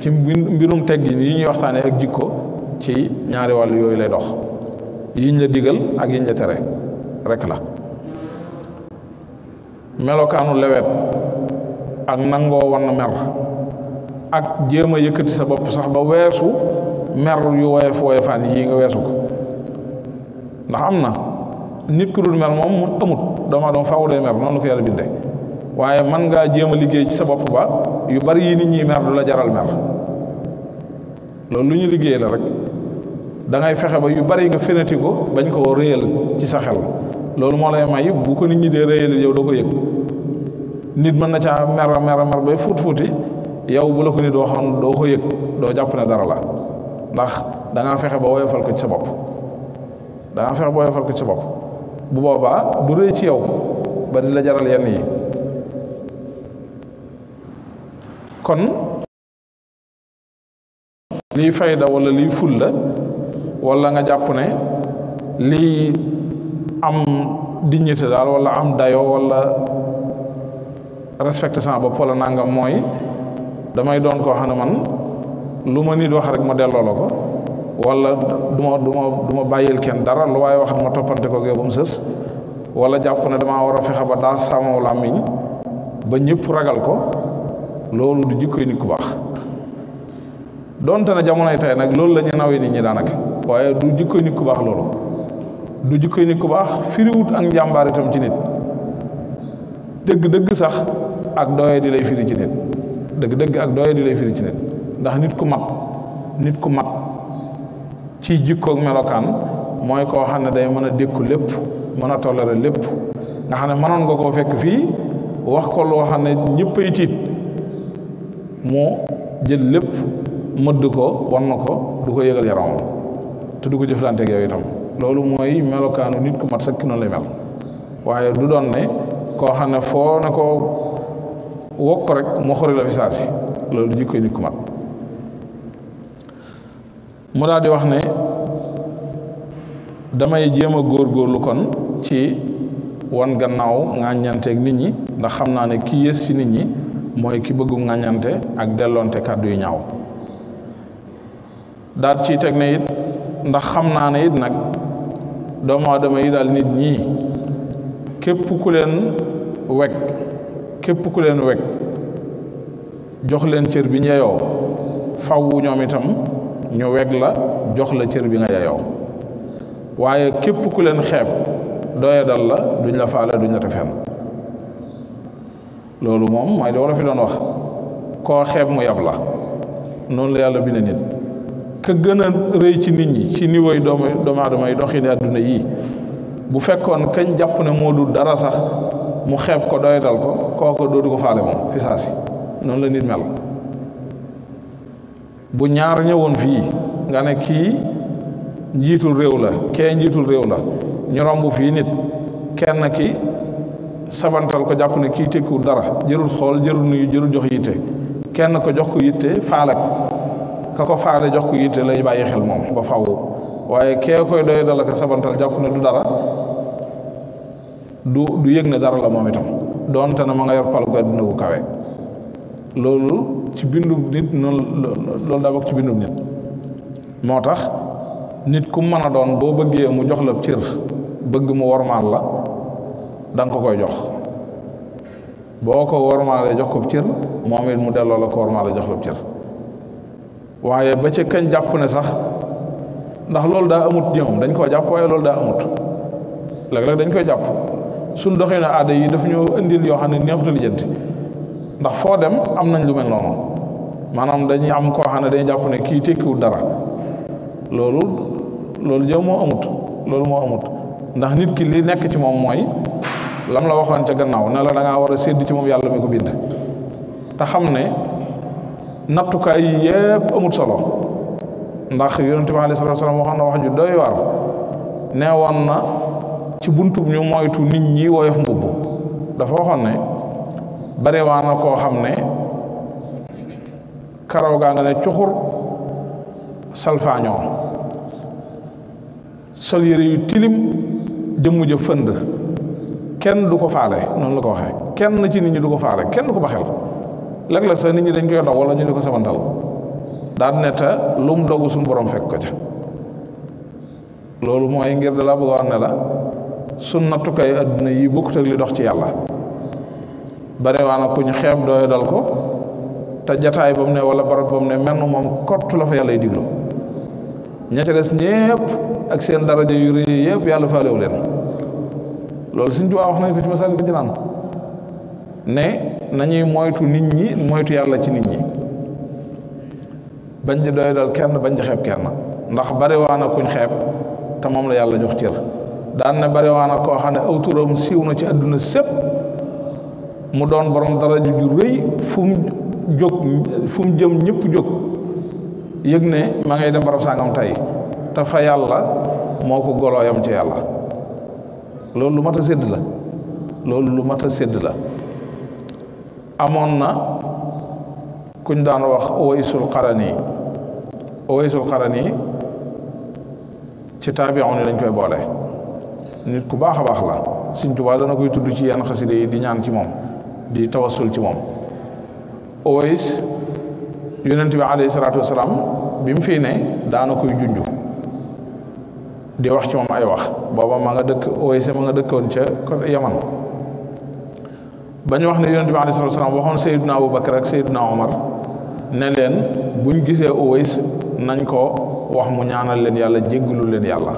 [SPEAKER 1] ci mbirum teggin yi ñuy waxtaanee ak ko ci ñaari wàll yooyu lay dox yiñ la digal ak yiñ la tere rek la melokaanu lewet ak nangoo wan mer ak jéem a yëkkati sa bopp sax ba weesu mer yu woyof woyofaan yi nga weesu ko ndax am na nit ku dul mel mom mu amut doomu aadama faaw day mer nonu ko yalla bindé waye man nga jema liggéey ci sa bop ba yu bari yi nit ñi mer dula jaral mer loolu lu ñu liggéey la rek da ngay fexé ba yu bari nga fénati ko bañ ko reyel ci sa xel loolu mo lay may bu ko nit ñi dee reyel yow doo ko yek nit man na ca mer mer mer bay fut futi yow bu la ko nit do xam do ko yek do japp ne dara la ndax da nga fexé ba woyofal ko ci sa bop da nga fexé ba woyofal ko ci sa bop bu boobaa du rëy ci yow ba di la jaral yenn yi kon lii fayda walla lii ful la nga jàpp ne lii am dignité daal wala am dayo wala respecté sama bopp wala nangam mooy damay doon koo xam ne man lu ma nit wax rek ma delloo la ko wala du ma du ma bàyyil kenn dara lu waaye waxat ma toppante ko yow ba mu sës wala jàpp na damaa war a fexe ba daa samoo làmmiñ ba ñëpp ragal ko loolu du jikkoy nit ku baax doonte ne jamonoy tey nag loolu la nawe nawee nit ñi daanaka waaye du jikkoy nit ku baax loolu du jikkoy nit ku baax firiwut ak njàmbaar itam ci nit dëgg-dëgg sax ak doye di lay firi ci nit dëgg-dëgg ak doye di lay firi ci nit ndax nit ku mat nit ku mat ci jikkoog melokaan mooy koo xam ne day mën a dékku lépp mën a toléré lépp nga xam ne mënoon nga koo fekk fii wax ko loo xam ne ñëpp ay tiit mu jël lépp mëdd ko wan ko du ko yëgal yaramam te du ko jëflanteeg yooyu itam loolu mooy melokaanu nit ku mat sëkk noonu mel waaye du doon ne koo xam ne foo na ko wokk rek mu xori la fi saa si loolu jikkoy nit ku mat mu daal wax ne damay jéem a góorlu kon ci wan gannaaw ŋàññanteeg nit ñi ndax xam naa ne ki yées ci nit ñi mooy ki bëggu ŋàññante ak delloonte kàddu yu ñaaw daat ci teg ne it ndax xam naa ne it nag doomu aadama yi daal nit ñi képp ku leen weg képp ku leen weg jox leen cër bi ñu yeyoo faw ñoom itam ñu weg la jox la cër bi nga yeyoo waaye képp ku leen xeeb doya dal la duñ la faale duñ la te fenn loolu moom mooy doo la fi doon wax koo xeeb mu yab la noonu la yàlla binde nit ka gëna a rëy ci nit ñi ci niveau yi doomu doomu aadama yi àdduna yii bu fekkoon kañ jàpp ne moo du dara sax mu xeeb ko doyatal ko kooku dootu ko faale moom fi saa si noonu la nit mel bu ñaar ñëwoon fii nga ne kii njiitul réew la kee njiitul réew la ñu romb fii nit kenn ki sabantal ko jàpp ne kii tekkiwul dara jërul xool jërul nuyu jox yitte kenn ko jox ko yitte faale ko ka ko faale jox ko yitte lay bàyyi xel moom ba faw waaye kee koy doy dala sabantal jàpp ne du dara du du yëg ne dara la moom itam doonte na ma nga yor palu ko adduna gu kawe loolu ci bindub nit noonu loolu daa bokk ci bindub nit moo tax nit ku mëna doon bo bëggé mu jox la cër bëgg mu wormal la dang ko koy jox boko wormalé jox ko cër momit mu delloo la ko wormalé jox la cër waaye ba ci kën japp ne sax ndax lool da amut ñoom dañ ko japp waaye lool da amut léeg-léeg dañ koy japp suñ doxee na yi daf ñu indil yo xam ne neexutu ndax fo dem am nañ lu mel noonu manam dañuy am ko xam ne dañuy kiti ne ki tekkiwul dara loolu jëw moo amut loolu moo amut ndax nit kii li nekk ci moom mooy lam la waxoon ca gannaaw ne danga war a sédd ci moom yàlla mi ko bind te xam ne nattukaay yi yépp amut solo ndax yonente bi alei salatu salaam wax ju doy war nee woon na ci buntub ñu moytu nit ñi woyof mbubb dafa waxoon ne bari waa na koo xam ne karaw gaa nga ne cuxur salfaañoo sol yére yu tilim jëmm ja fënd kenn du ko faale noonu la ko waxee kenn ci nit ñi du ko faale kenn du ko baxel léeg-léeg sax nit ñi dañ koy dog wala ñu di ko sabantal daan ne te lu mu dogu suñu borom fekk ko ca loolu mooy ngir da laa bëgg a wax ne la suñ nattukay adduna yi bokkut ak li dox ci yàlla bare waa na ku ñu xeeb dooy dal ko te jataay ba mu ne wala barab ba mu ne menn moom kott la fa yàlla diglu ña ca des ñépp ak seen daraja yu rëy yépp yàlla faalewu leen loolu suñ tuwaa wax nañ ko ci masal bi jinaan ne nañuy moytu nit ñi moytu yàlla ci nit ñi bañ di doy dal kenn bañ di xeeb kenn ndax bariwaana kuñ xeeb te moom la yàlla jox cër daan ne bariwaana koo xam ne aw turam siiw na ci àdduna sépp mu doon borom daraja ju rëy fu jëm ñépp jóg yegne ma ngay dem borom sangam tay ta fa yalla moko golo yam ci yalla lolou lu mat a la lolou lu mata sedd la amona kuñ daan wax waisul qarani waisul qarani ci tabi'un lañ koy bolé nit ku baxa bax la koy tuddu ci yan di ñaan ci mom di tawasul ci mom ois yonent bi alayhi salaatu wasalaam bi mu fii ne daana koy junju di wax ci moom ay wax booba ma nga dëkk Uways ma nga dëkkoon ca côté Yaman ba ñu wax ne yonent bi alayhi salaatu wasalaam waxoon Seydina Abubakar ak Seydina Omar ne leen buñ gisee Uways nañ ko wax mu ñaanal leen yàlla jéggalu leen yàlla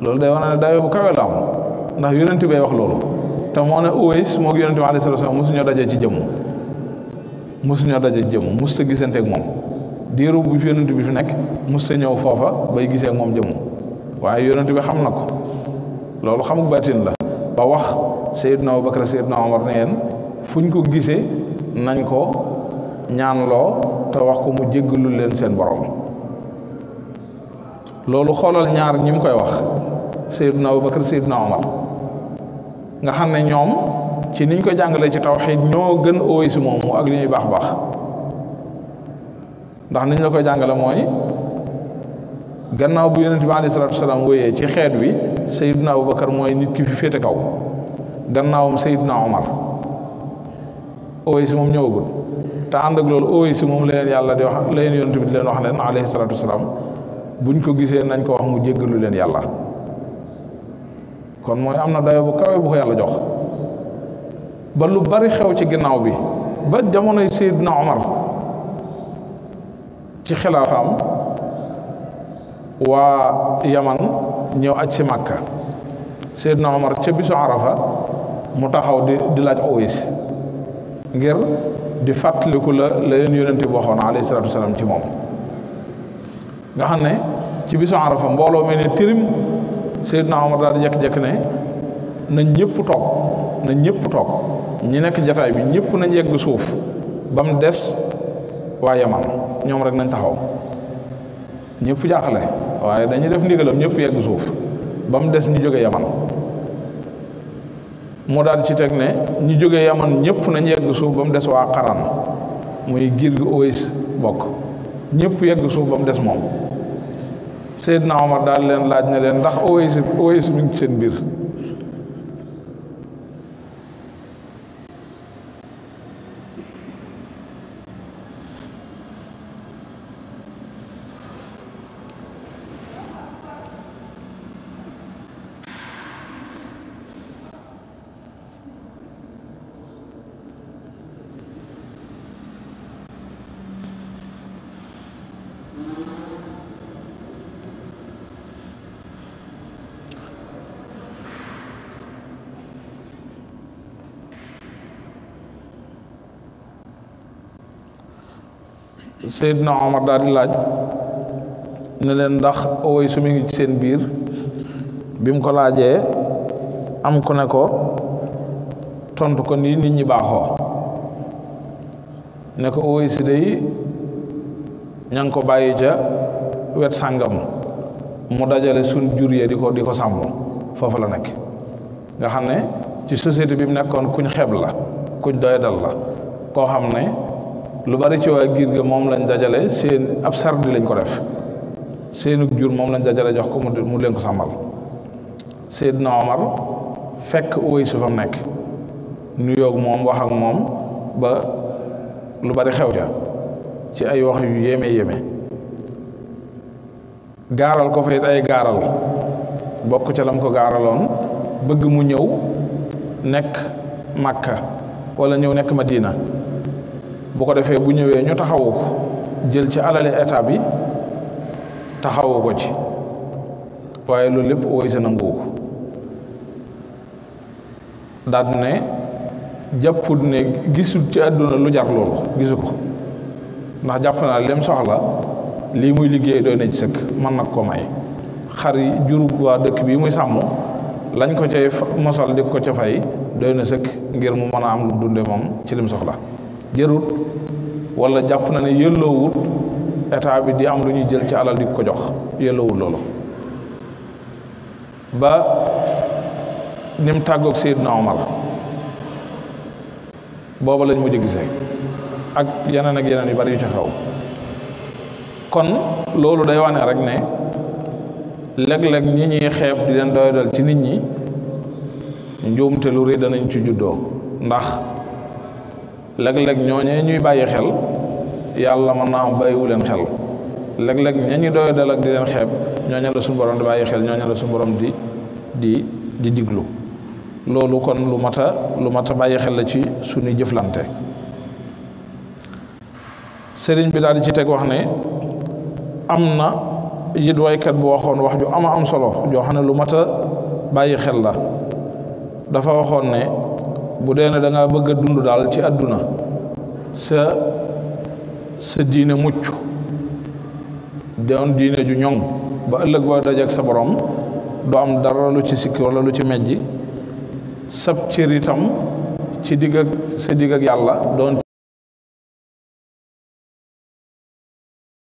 [SPEAKER 1] loolu day wane ne dayoo bu kawe la am ndax yonent bee wax loolu te moo ne Uways moo ak yonent bi alayhi salaatu wasalaam suñu dajee ci jëmm mosuñoo daje jëmm mosuta gisante ak moom diiru bu fi yonent bi fi nekk mosuta ñëw foofa bay gisee moom jëmm waaye yonent bi xam na ko loolu xamuk baatin la ba wax Seydina na Seydina Omar ne yeen fu ñu ko gisee nañ ko ñaanloo te wax ko mu jéggalul leen seen borom loolu xoolal ñaar ñi mu koy wax Seydina Abubakar Seydina Omar nga xam ne ñoom ci niñ ko jàngalee ci tawxiid ñoo gën ooy si ak li ñuy baax baax ndax niñ la koy jàngale mooy gannaaw bu yonent bi aleyhi salaatu wasalaam wéyee ci xeet wi Seydina Abubakar mooy nit ki fi féete kaw gannaawam Seydina Omar ooy si moom ñëwagul te ànd loolu ooy si moom la leen yàlla di wax la leen yonent bi di leen wax leen aleyhi salaatu wasalaam buñ ko gisee nañ ko wax mu jéggalu leen yàlla kon mooy am na dayo bu kawe bu ko yàlla jox ba lu bari xew ci ginnaaw bi ba jamonoy Seydina Omar ci xilaafaam waa Yaman ñëw aj si Màkka Seydina Omar ca bisu Arafa mu taxaw di di laaj Uways ngir di fàttaliku la la leen yonente bi waxoon alayhi salaatu wasalaam ci moom nga xam ne ci bisu Arafa mbooloo mel ni tirim Seydina Omar daal di jekk-jekk ne nañ ñëpp toog na ñëpp toog ñi nekk jataay bi ñëpp nañ yegg suuf ba mu des waa yaman ñoom rek nañ taxaw ñëpp jaaxle waaye dañuy def ndigalam ñëpp yegg suuf ba mu des ñu jóge yaman mu daal ci teg ne ñu jóge yaman ñëpp nañ yegg suuf ba mu des waa xaran muy giir gi Uways bokk ñépp yegg suuf ba mu des moom Seydina Omar daal leen laaj ne leen ndax Uways Uways mi ngi ci seen biir Seydina Omar daal di laaj ne leen ndax woy su mi ngi ci seen biir bi mu ko laajee am ku ne ko tontu ko nii nit ñi baaxoo ne ko woy day ña ngi ko bàyyi ca wet sàngam mu dajale suñ jur ya di ko di ko sàmm foofu la nekk nga xam ne ci société bi mu nekkoon kuñ xeb la kuñ doy dal la koo xam ne lu bari ci waa giir ga moom lañ dajale seen ab sardi lañ ko def seenug jur moom lañ dajale jox ko mu leen ko sàmmal Seydina Omar fekk woy su fa nekk nu yoog moom wax ak moom ba lu bari xew ca ci ay wax yu yéeme yéeme gaaral ko fa it ay gaaral bokk ca lam ko gaaraloon bëgg mu ñëw nekk Makka walla ñëw nekk ma Madina bu ko defee bu ñëwee ñu taxawu ko jël ci alale état bi taxawu ko ci waaye loolu lépp woy sa nanguwu ko daat ne jàpput ne gisul ci àdduna lu jar loolu ko ndax jàpp naa lem soxla lii muy liggéey doy na ci sëkk mën nag ko may xar yi jurug waa dëkk bi muy sàmm lañ ko cay mosal di ko ca fay doy na sëkk ngir mu mën a am lu dunde moom ci lim soxla jërut walla jàpp na ne yëlloowut état bi di am lu ñuy jël ci alal di ko jox yëlloowut loolu ba ni mu tàggoog Seydina Omar booba lañ mujj gisee ak yeneen ak yeneen yu bari yu ci kon loolu day wane rek ne léeg-léeg ñi ñuy xeeb di leen doy dal ci nit ñi njuumte lu rëy danañ ci juddoo ndax léeg-léeg ñooñee ñuy bàyyi xel yàlla mën naa am bàyyiwu leen xel léeg-léeg ña ñu doy dal ak di leen xeeb ñooña la suñu borom di bàyyi xel ñooña la suñu borom di di di diglu loolu kon lu mat a lu mat a bàyyi xel la ci suñuy jëflante sëriñ bi daal di ci teg wax ne am na yit waykat bu waxoon wax ju ama am solo joo xam ne lu mat a bàyyi xel la dafa waxoon ne bu dee ne da ngaa bëgg a dund daal ci àdduna sa sa diine mucc doon diine ju ñoŋ ba ëllëg boo dajeek sa boroom du am dara lu ci sikki walla lu ci mejj sab cër itam ci digg ak sa digg ak yàlla doon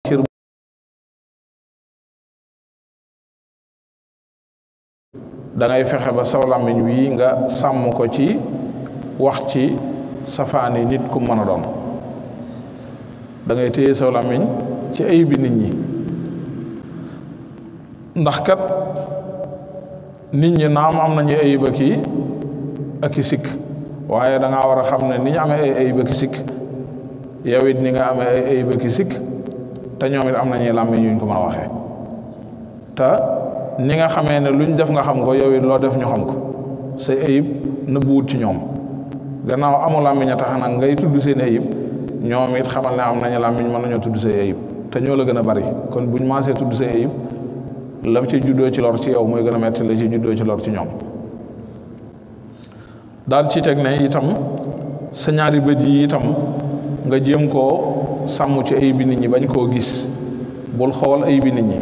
[SPEAKER 1] cër da ngay fexe ba saw wi nga sàmm ko ci wax ci yi nit ku mën a doom dangay ngay téye saw làmmiñ ci ayib bi nit ñi ndax kat nit ñi naa am nañu ayib ak i ak i sikk waaye danga ngaa war a xam ne ni ñu amee ay ayib ak i sikk ni nga amee ay ayib te ñoom am nañuy làmmiñ yuñ ko mën a waxee te ni nga xamee ne lu ñu def nga xam ko yow loo def ñu xam ko say na nëbbuwut ci ñoom. gannaaw amu lamiñ a tax nag ngay tudd seen ayib ñoom it xamal ne am nañu lamiñ mën nañoo tudd seen ayib te ñoo la gëna bari kon buñ maasee tudd seen ayib lam ci juddo ci lor ci yow moy gëna metti la ci juddo ci lor ci ñoom dal ci tek ne itam sa ñaari bët yi itam nga jëm ko sammu ci ayib nit ñi bañ ko gis bul xol ayib nit ñi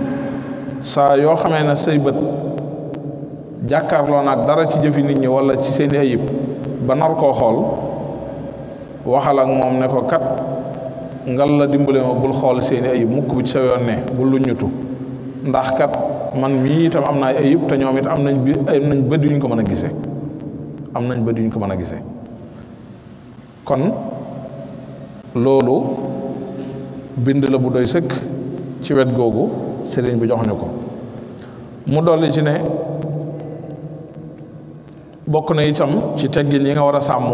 [SPEAKER 1] sa yo xamé na sey bët jakarlo nak dara ci jëf nit ñi wala ci seen ayib ba nar koo xool waxal ak moom ne ko kat ngal la dimbale ma bul xool seeni ayib mukk bu ci sa yoon ne bul lu ñutu ndax kat man mii itam am naa ayib te ñoom it am nañ bi am nañ bët yuñ ko mën a gisee am nañ bët yuñ ko mën a gisee kon loolu bind la bu doy sëkk ci wet googu sëriñ bi jox ñu ko mu dolli ci ne bokk na itam ci teggin yi nga war a sàmm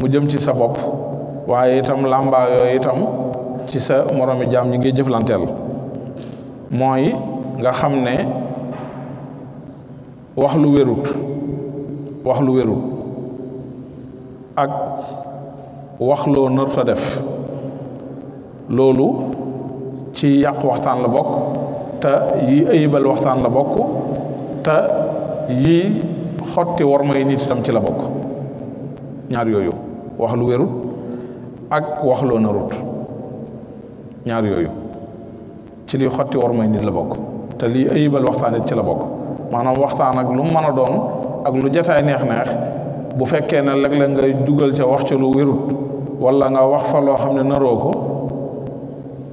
[SPEAKER 1] mu jëm ci sa bopp waaye itam làmbaa yooyu ci sa moroomi jaam ñi ngay jëflanteel mooy nga xam ne wax lu wérut wax lu wérut ak wax loo nërta def loolu ci yàq waxtaan la bokk te yi ayibal waxtaan la bokk te yi xotti war may nit itam ci la bokk ñaar yooyu wax lu wérut ak wax loo narut ñaar yooyu ci liy xotti war may nit la bokk te liy ayibal waxtaan it ci la bokk maanaam waxtaan ak lu mën a doon ak lu jataay neex-neex bu fekkee ne léeg-léeg ngay dugal ca wax ca lu wérut wala nga wax fa loo xam ne naroo ko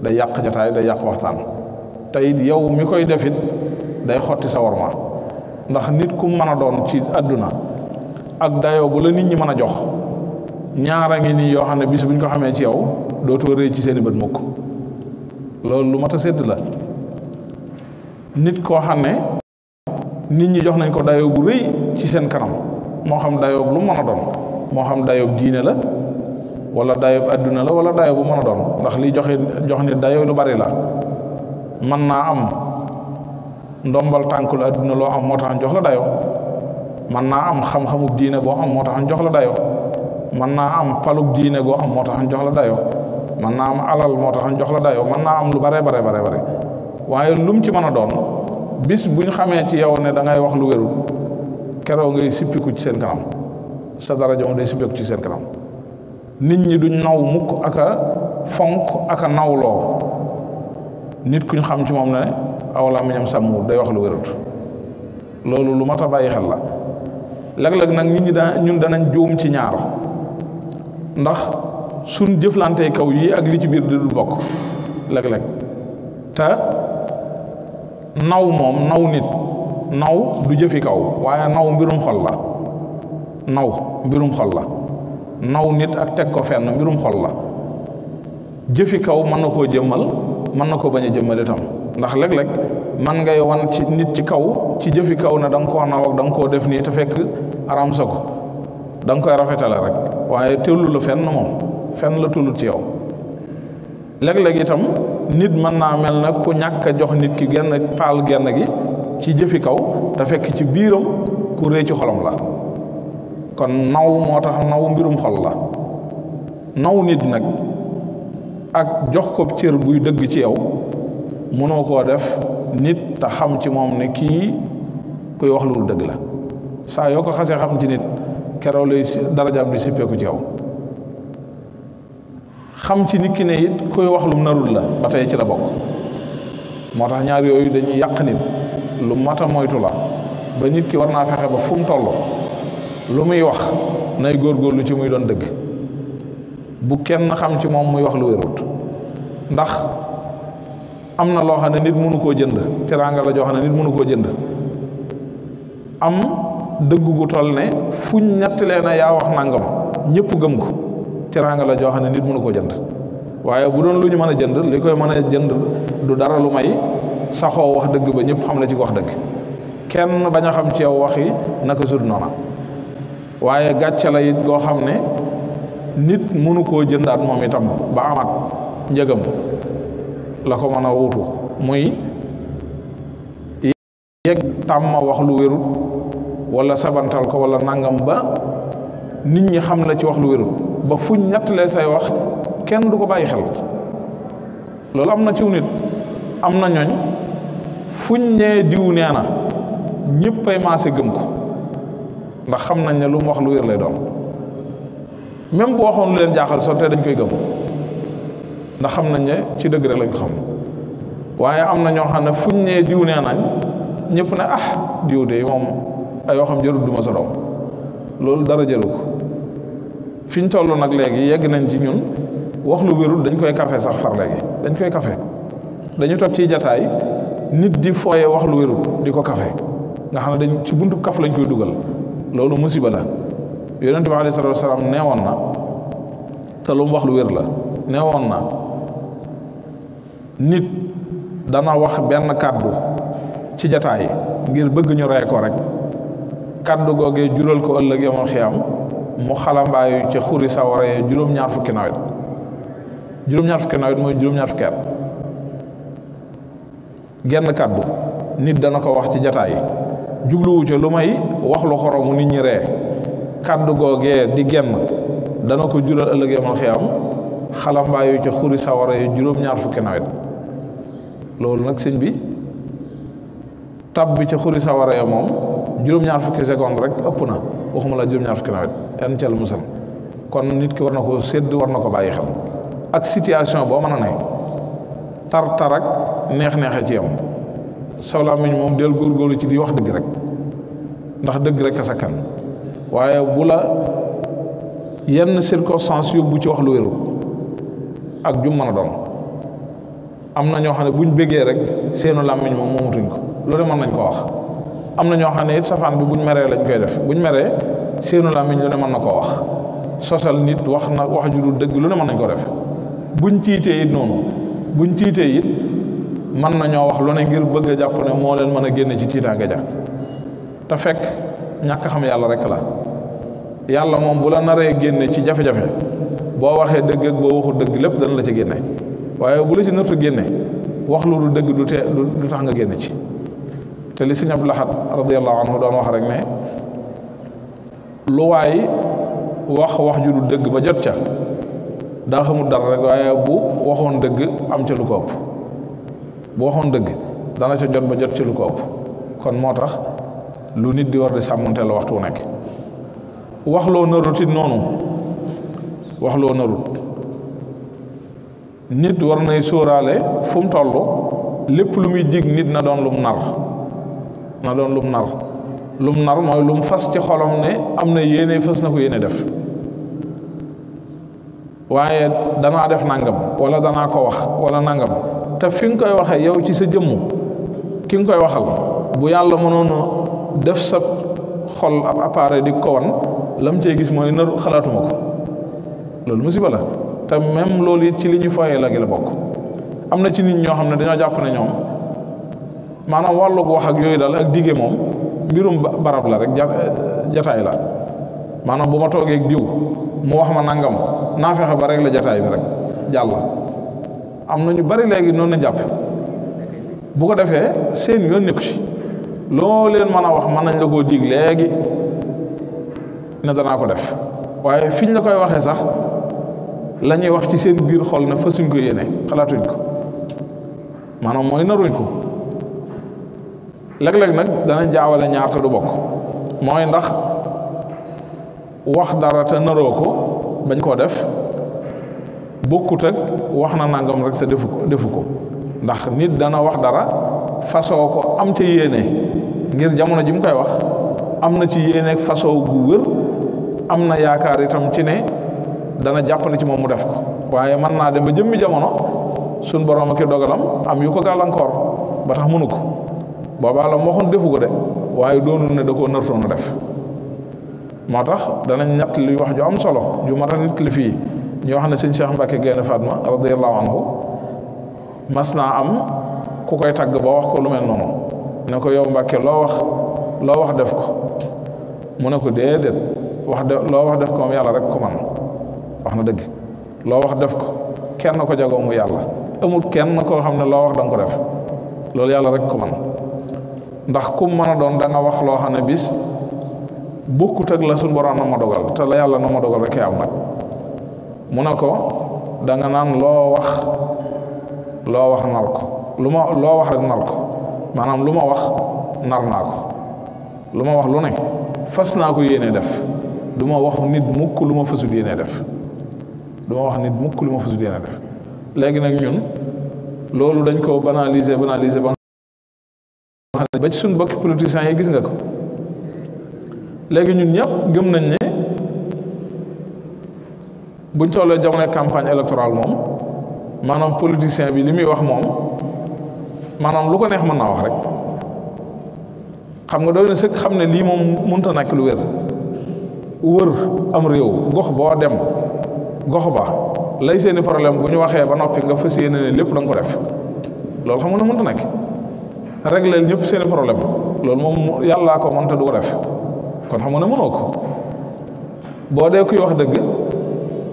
[SPEAKER 1] da yàq jataay da yàq waxtaan tey yow mi koy defit day xotti sa warma ndax nit ku mën a doon ci àdduna ak dayo bu la nit ñi mën a jox ñaara ngi nii yoo xam ne bis bu ñu ko xamee ci yow dootoo rëy ci seeni bët mukk loolu lu mat a sédd la nit koo xam ne nit ñi jox nañ ko dayo bu rëy ci seen kanam moo xam dayoo lu mën a doon moo xam dayoo diine la wala dayoo àdduna la wala dayoo bu mën a doon ndax li joxe jox nit dayo lu bari la mën naa am ndombal tànkul adduna loo am moo tax jox la dayo man naa am xam-xamu diine boo am moo tax jox la dayoo man naa am palug diine goo am moo tax jox la dayoo man naa am alal moo tax jox la dayoo man naa am lu bare bare bare bare waaye lum ci mën a doon bis bu ñu xamee ci yow ne da ngay wax lu wérul keroo ngay sippiku ci seen kanam sa daraja moom day sippiku ci seen kanam nit ñi duñ naw mukk ak fonk ak a nawloo nit kuñ xam ci moom ne aw làmmiñam sàmmwul day wax lu wérut loolu lu mat a bàyyi xel la léeg-léeg nag nit ñi daa ñun danañ juum ci ñaar ndax suñ jëflante kaw yi ak li ci biir di dul bokk léeg-léeg te naw moom naw nit naw du jëfi kaw waaye naw mbirum xol la naw mbirum xol la naw nit ak teg ko fenn mbirum xol la jëfi kaw mën na koo jëmmal mën na ko bañ a jëmmal ndax léeg-léeg man ngay wan ci nit ci kaw ci jëfi kaw ne da nga koo naw ak da nga koo def nii te fekk aram ko danga koy rafetale rek waaye tëllu la fenn moom fenn la tullut ci yow léeg-léeg itam nit mën naa mel na ku ñàkk a jox nit ki genn paal genn gi ci jëfi kaw te fekk ci biiram ku rëy ci xolam la kon naw moo tax naw mbirum xol la naw nit nag ak jox ko cër buy dëgg ci yow mënoo koo def nit te xam ci moom ne kii kuy wax lu dëgg la saa yoo ko xasee xam ci nit keroo lay darajaam di sippeeku ci yow xam ci nit ki ne it kuy wax lum narul la ba tey ci la bokk moo tax ñaar yooyu dañuy yàq nit lu mata moytu la ba nit ki war naa fexe ba fu mu toll lu muy wax nay lu ci muy doon dëgg bu kenn xam ci moom muy wax lu wérut ndax am na loo xam ne nit mënu koo jënd teraanga la joo xam ne nit mënu koo jënd am dëgg toll ne fuñ nettalee na yaa ñëpp gëm ko teraanga la joo xam ne nit mënu koo jënd waaye bu doon lu ñu mën a jënd li koy mën a jënd du dara lu may saxoo wax dëgg ba ñëpp xam la ci wax dëgg kenn bañ a xam ci wax yi naka sud noona waaye gàcce la goo xam ne nit mënu koo jëndaat moom itam ba amaat njëgam la ko mën a wuutu muy yegg tàmma wax lu wérul wala sabantal ko wala nangam ba nit ñi xam la ci wax lu wérul ba fuñ ñettalee say wax kenn du ko bàyyi xel loolu am na ciw nit am na ñooñ fuñ ñee diw nee na ñëppay maase gëm ko ndax xam nañ ne lu mu wax lu wér lay doon même bu waxoon leen jaaxal sottee dañ koy gëm na xam nañ ne ci rek lañ ko xam waaye am na ñoo xam ne fuñ ne diw nee nañ ñëpp ne ah diw de moom ay waxam jarul duma sa loolu dara jaru ko fiñ toll nag léegi yegg nañ ci ñun wax lu wérul dañ koy café sax far léegi dañ koy café dañu toog ci jataay nit di fooye wax lu wérul di ko café nga xam ne dañ ci buntu kaf lañ koy dugal loolu musiba la yonente bi alayhi salatu wasalaam neewoon na te lu wax lu wér la neewoon na nit dana wax benn kàddu ci jataay ngir bëgg ñu rey ko rek kàddu googee jural ko ëllëg yomal xiyam mu xalambaayu ca xuri sawara yee juróom-ñaar fukki nawet juróom-ñaar fukki nawet mooy juróom-ñaar fukki at kàddu nit dana ko wax ci jataay jubluwu ca lu may wax xoromu nit ñi ree kàddu googee di genn dana ko jural ëllëg yomal xiyam xalambaayu ca xuri sawara yee juróom-ñaar fukki nawet loolu nag sëñ bi tab bi ca xuri sawara ya moom juróom-ñaar fukki seconde rek ëpp na waxuma la juróom-ñaar fukki nawet yan cal musal kon nit ki war na ko sédd war na ko bàyyi xel ak situation boo mën a ne tar tar ak neex-neexe ci yam saw làmmiñ moom del góorgóorlu ci di wax dëgg rek ndax dëgg rek a sakkan waaye bu la yenn circonstance yóbbu ci wax lu wérul ak jum mën a doon am na ñoo xam ne bu ñu bëggee rek seenu làmmiñ moom moomatuñ ko loolu mën nañ koo wax am na ñoo xam ne it safaan bi buñ meree lañu koy def buñ meree seenu làmmiñ lu ne mën na koo wax sosal nit wax na wax ju dul dëgg lu ne mën nañ ko def buñ tiitee it noonu buñ tiitee it mën nañoo wax lu ne ngir bëgg a jàpp ne moo leen mën a génne ci tiitaange ja te fekk ñàkk xam yàlla rek la yàlla moom bu la naree génne ci jafe-jafe boo waxee dëgg ak boo waxul dëgg lépp dana la ci génne waaye bu la ci narta génne wax lu dul dëgg du te du tax nga génn ci te li sëñ Abdou Lahad radiyallahu anhu doon wax rek ne lu waay wax wax ju du dëgg ba jot ca daa xamul dara rek waaye bu waxoon dëgg am ca lu ko ëpp bu waxoon dëgg dana ca jot ba jot ca lu ko ëpp kon moo tax lu nit di war di sàmmante waxtu nekk wax loo narut it noonu wax loo narut nit war nay sóoraale fu mu toll lépp lu muy dig nit na doon lum nar na doon lum nar mu nar mooy lu mu fas ci xolam ne am na yéene fas na ko yéene def waaye danaa def nàngam walla danaa ko wax wala nangam te fi nga koy waxee yow ci sa jëmm ki nga koy waxal bu yàlla mënoon def sa xol ab appareil di ko wan lam cee gis mooy nar xalaatuma ko loolu musiba la te même loolu it ci li ñu fayee la gi la bokk am na ci nit ñoo xam ne dañoo jàpp ne ñoom maanaam wàllug wax ak yooyu daal ak dige moom mbirum barab la rek jataay la maanaam bu ma toogee ak diw mu wax ma nàngam naa fexe ba rek la jataay bi rek jàll am na ñu bari léegi noonu la jàpp bu ko defee seen yoon nekku ci loo leen mën a wax man nañ la koo dig léegi ne danaa ko def waaye fiñ la koy waxee sax la ñuy wax ci seen biir xol na fasuñ ko yéene xalaatuñ ko maanaam mooy naruñ ko léeg-léeg nag dana jaawale ñaar te du bokk mooy ndax wax dara te naroo ko bañ koo def bokkut ak wax na nangam rek te defu ko defu ko ndax nit dana wax dara fasoo ko am ca yéene ngir jamono ji mu koy wax am na ci yéene ak fasoo gu wër am na yaakaar itam ci ne dana jàpp ci moom mu def ko waaye man naa dem ba jëmmi jamono suñ borom ak dogalam am yu ko gàllankoor ba tax mënu ko boobaa la mu waxoon defu ko de waaye doonul ne da koo nërtoon def moo tax dana ñett li wax ju am solo ju mat a nit li fii ñoo wax ne sëñ Cheikh Mbacke Gaynde Fatma radiyallahu anhu mas naa am ku koy tàgg ba wax ko lu mel noonu ne ko yow Mbacke loo wax loo wax def ko mu ne ko déedéet wax de loo wax def ko yàlla rek ko man wax na dëgg loo wax def ko kenn ko jagoo mu yàlla amul kenn koo xam ne loo wax da ko def loolu yàlla rek ko man ndax ku mën a doon da nga wax loo xam ne bis bokkut ak la suñu borom na ma dogal te la yàlla na ma dogal rek am nag mu ne ko danga naan loo wax loo wax nar ko lu ma loo wax rek nar ko maanaam lu ma wax nar naa ko lu ma wax lu ne fas naa ko yéene def du ma wax nit mukk lu ma fasul yéene def du wax nit mukk lu ma fasu dina def léegi nag ñun loolu dañ ko banaliser banaliser ba xam ne ba ci suñ bokki politiciens yi gis nga ko léegi ñun ñëpp gëm nañ ne buñ tollee jamono campagne électorale moom maanaam politicien bi li muy wax moom maanaam lu ko neex mën naa wax rek xam nga doy na sëkk xam ne lii moom mënta nakk lu wér wër am réew gox boo dem gox ba lay seeni problème bu ñu waxee ba noppi nga fas yéene ne lépp da ko def loolu xam nga ne mënta nekk régleel ñëpp seeni problème loolu moom yàllaa ko mënta du ko def kon xam nga ne mënoo ko boo dee wax dëgg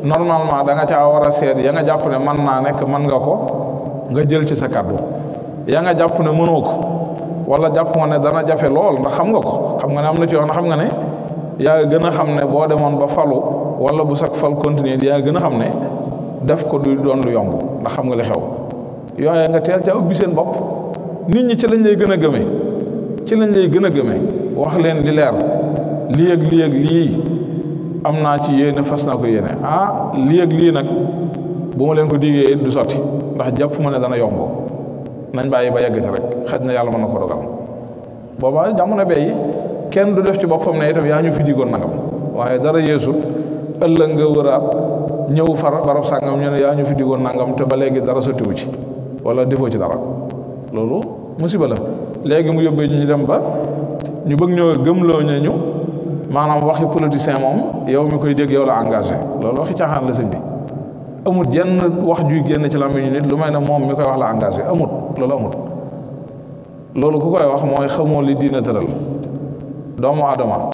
[SPEAKER 1] normalement da nga caa war a seet ya nga jàpp ne mën naa nekk man nga ko nga jël ci sa kàddu ya nga jàpp ne mënoo ko wala jàpp nga ne dana jafe lool ndax xam nga ko xam nga ne am na ci yoon xam nga ne yaa gën a xam ne boo demoon ba falu wala bu sag fal continuer ya gëna xamné daf ko du doon lu yomb ndax xam nga li xew yoy nga teel ci ubbi seen bop nit ñi ci lañ lay gëna gëmé ci lañ lay gëna gëmé wax leen li leer li ak li ak li amna ci yene fas naa ko yene ah li ak li nak bu ma leen ko digee du soti ndax jàpp ma ne dana yomb nañ bàyyi ba yegg ci rek xaj yàlla mën na ko dogal boba jamono bey kenn du def ci bopam ne itam yañu fi digon nangam waye dara yeesut ëllëg nga wër ab ñëw far barab sàngam ñu ne yaa ñu fi digoon nangam te ba léegi dara sottiwu ci wala defoo ci dara loolu musiba la léegi mu yóbbee ñu dem ba ñu bëgg ñoo gëmloo ñu maanaam waxi politicien moom yow mi koy dégg yow la engagé loolu waxi caaxaan la sëñ bi amut jenn wax juy génn ci làmmiñu nit lu may ne moom mi koy wax la engagé amut loolu amut loolu ku koy wax mooy xamoo li diina tëral doomu aadama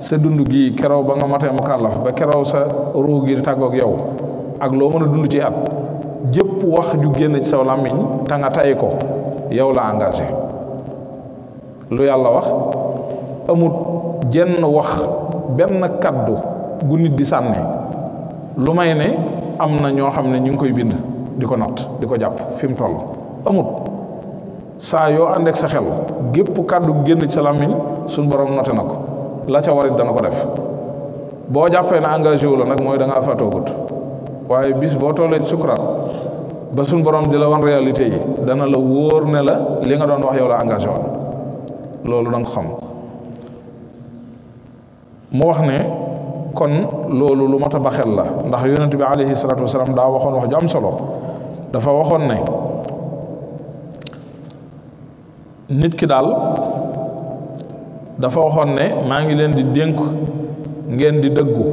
[SPEAKER 1] sa dundu gi keraw ba nga maté mu kàllaf ba keraw sa ruux gi di ak yow ak lo meuna dundu ci at jëpp wax ju genn ci saw lamiñ ta nga tay ko yow la engagé lu yalla wax amut jenn wax ben kaddu gu nit di sànni lu may ne amna ño ñoo ñu ngi koy bind diko not diko japp fim amut sa yo andek sa xel gep kaddu genn ci sun borom la ca warit dana ko def boo jàppee na engagé wu nag mooy danga ngaa faatoogut waaye bis boo tollee ci ba suñ borom di la wan réalité yi dana la wóor ne la li nga doon wax yow la engagé loolu da xam mu wax ne kon loolu lu mat a baxel la ndax yonent bi alayhi salaatu wasalaam daa waxoon wax ju solo dafa waxoon ne nit ki daal dafa waxoon ne maa ngi leen di dénk ngeen di dëggu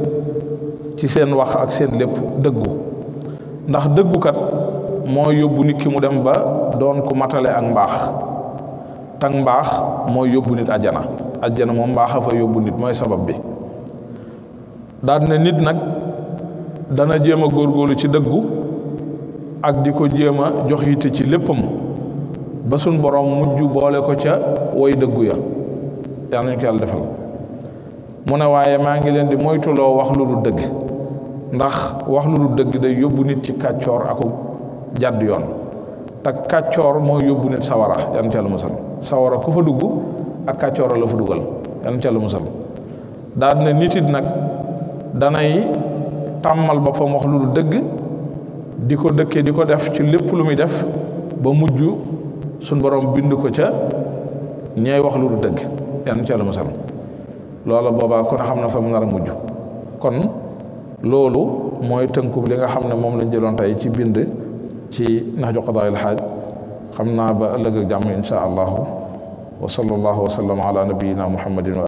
[SPEAKER 1] ci seen wax ak seen lépp dëggu ndax dëggukat moo yóbbu nit ki mu dem ba doon ku matale ak mbaax tag mbaax mooy yóbbu nit ajjana ajjana moom mbaax a fa yóbbu nit mooy sabab bi daal nit nag dana jéem a góorlu ci dëggu ak di ko jéem a jox yitte ci léppam ba suñ boroom mujj boole ko ca woy dëggu ya yàlla nañ ko yàlla defal mu ne waaye maa ngi leen di moytuloo wax lu dul dëgg ndax wax lu dul dëgg day yóbbu nit ci kàccoor aku jàdd yoon te kàccoor mooy yóbbu nit sawara yàlla ca la musal sawara ku fa dugg ak kàccoor la fa dugal yàlla ca la musal daal nit it nag danay tàmmal boppam wax lu dul dëgg di ko dëkkee di ko def ci lépp lu muy def ba mujj sunu borom bind ko ca ñay wax lu dul dëgg yàlla na ci yàlla musal loola boobaa kon xam na fa mu nar a mujj kon loolu mooy tënku li nga xam ne moom lañ jëloon tey ci bind ci nahju qadaa'il haaj xam naa ba ëllëg ak jàmm insha allahu wa sallallahu wa sallam ala nabiyina muhammadin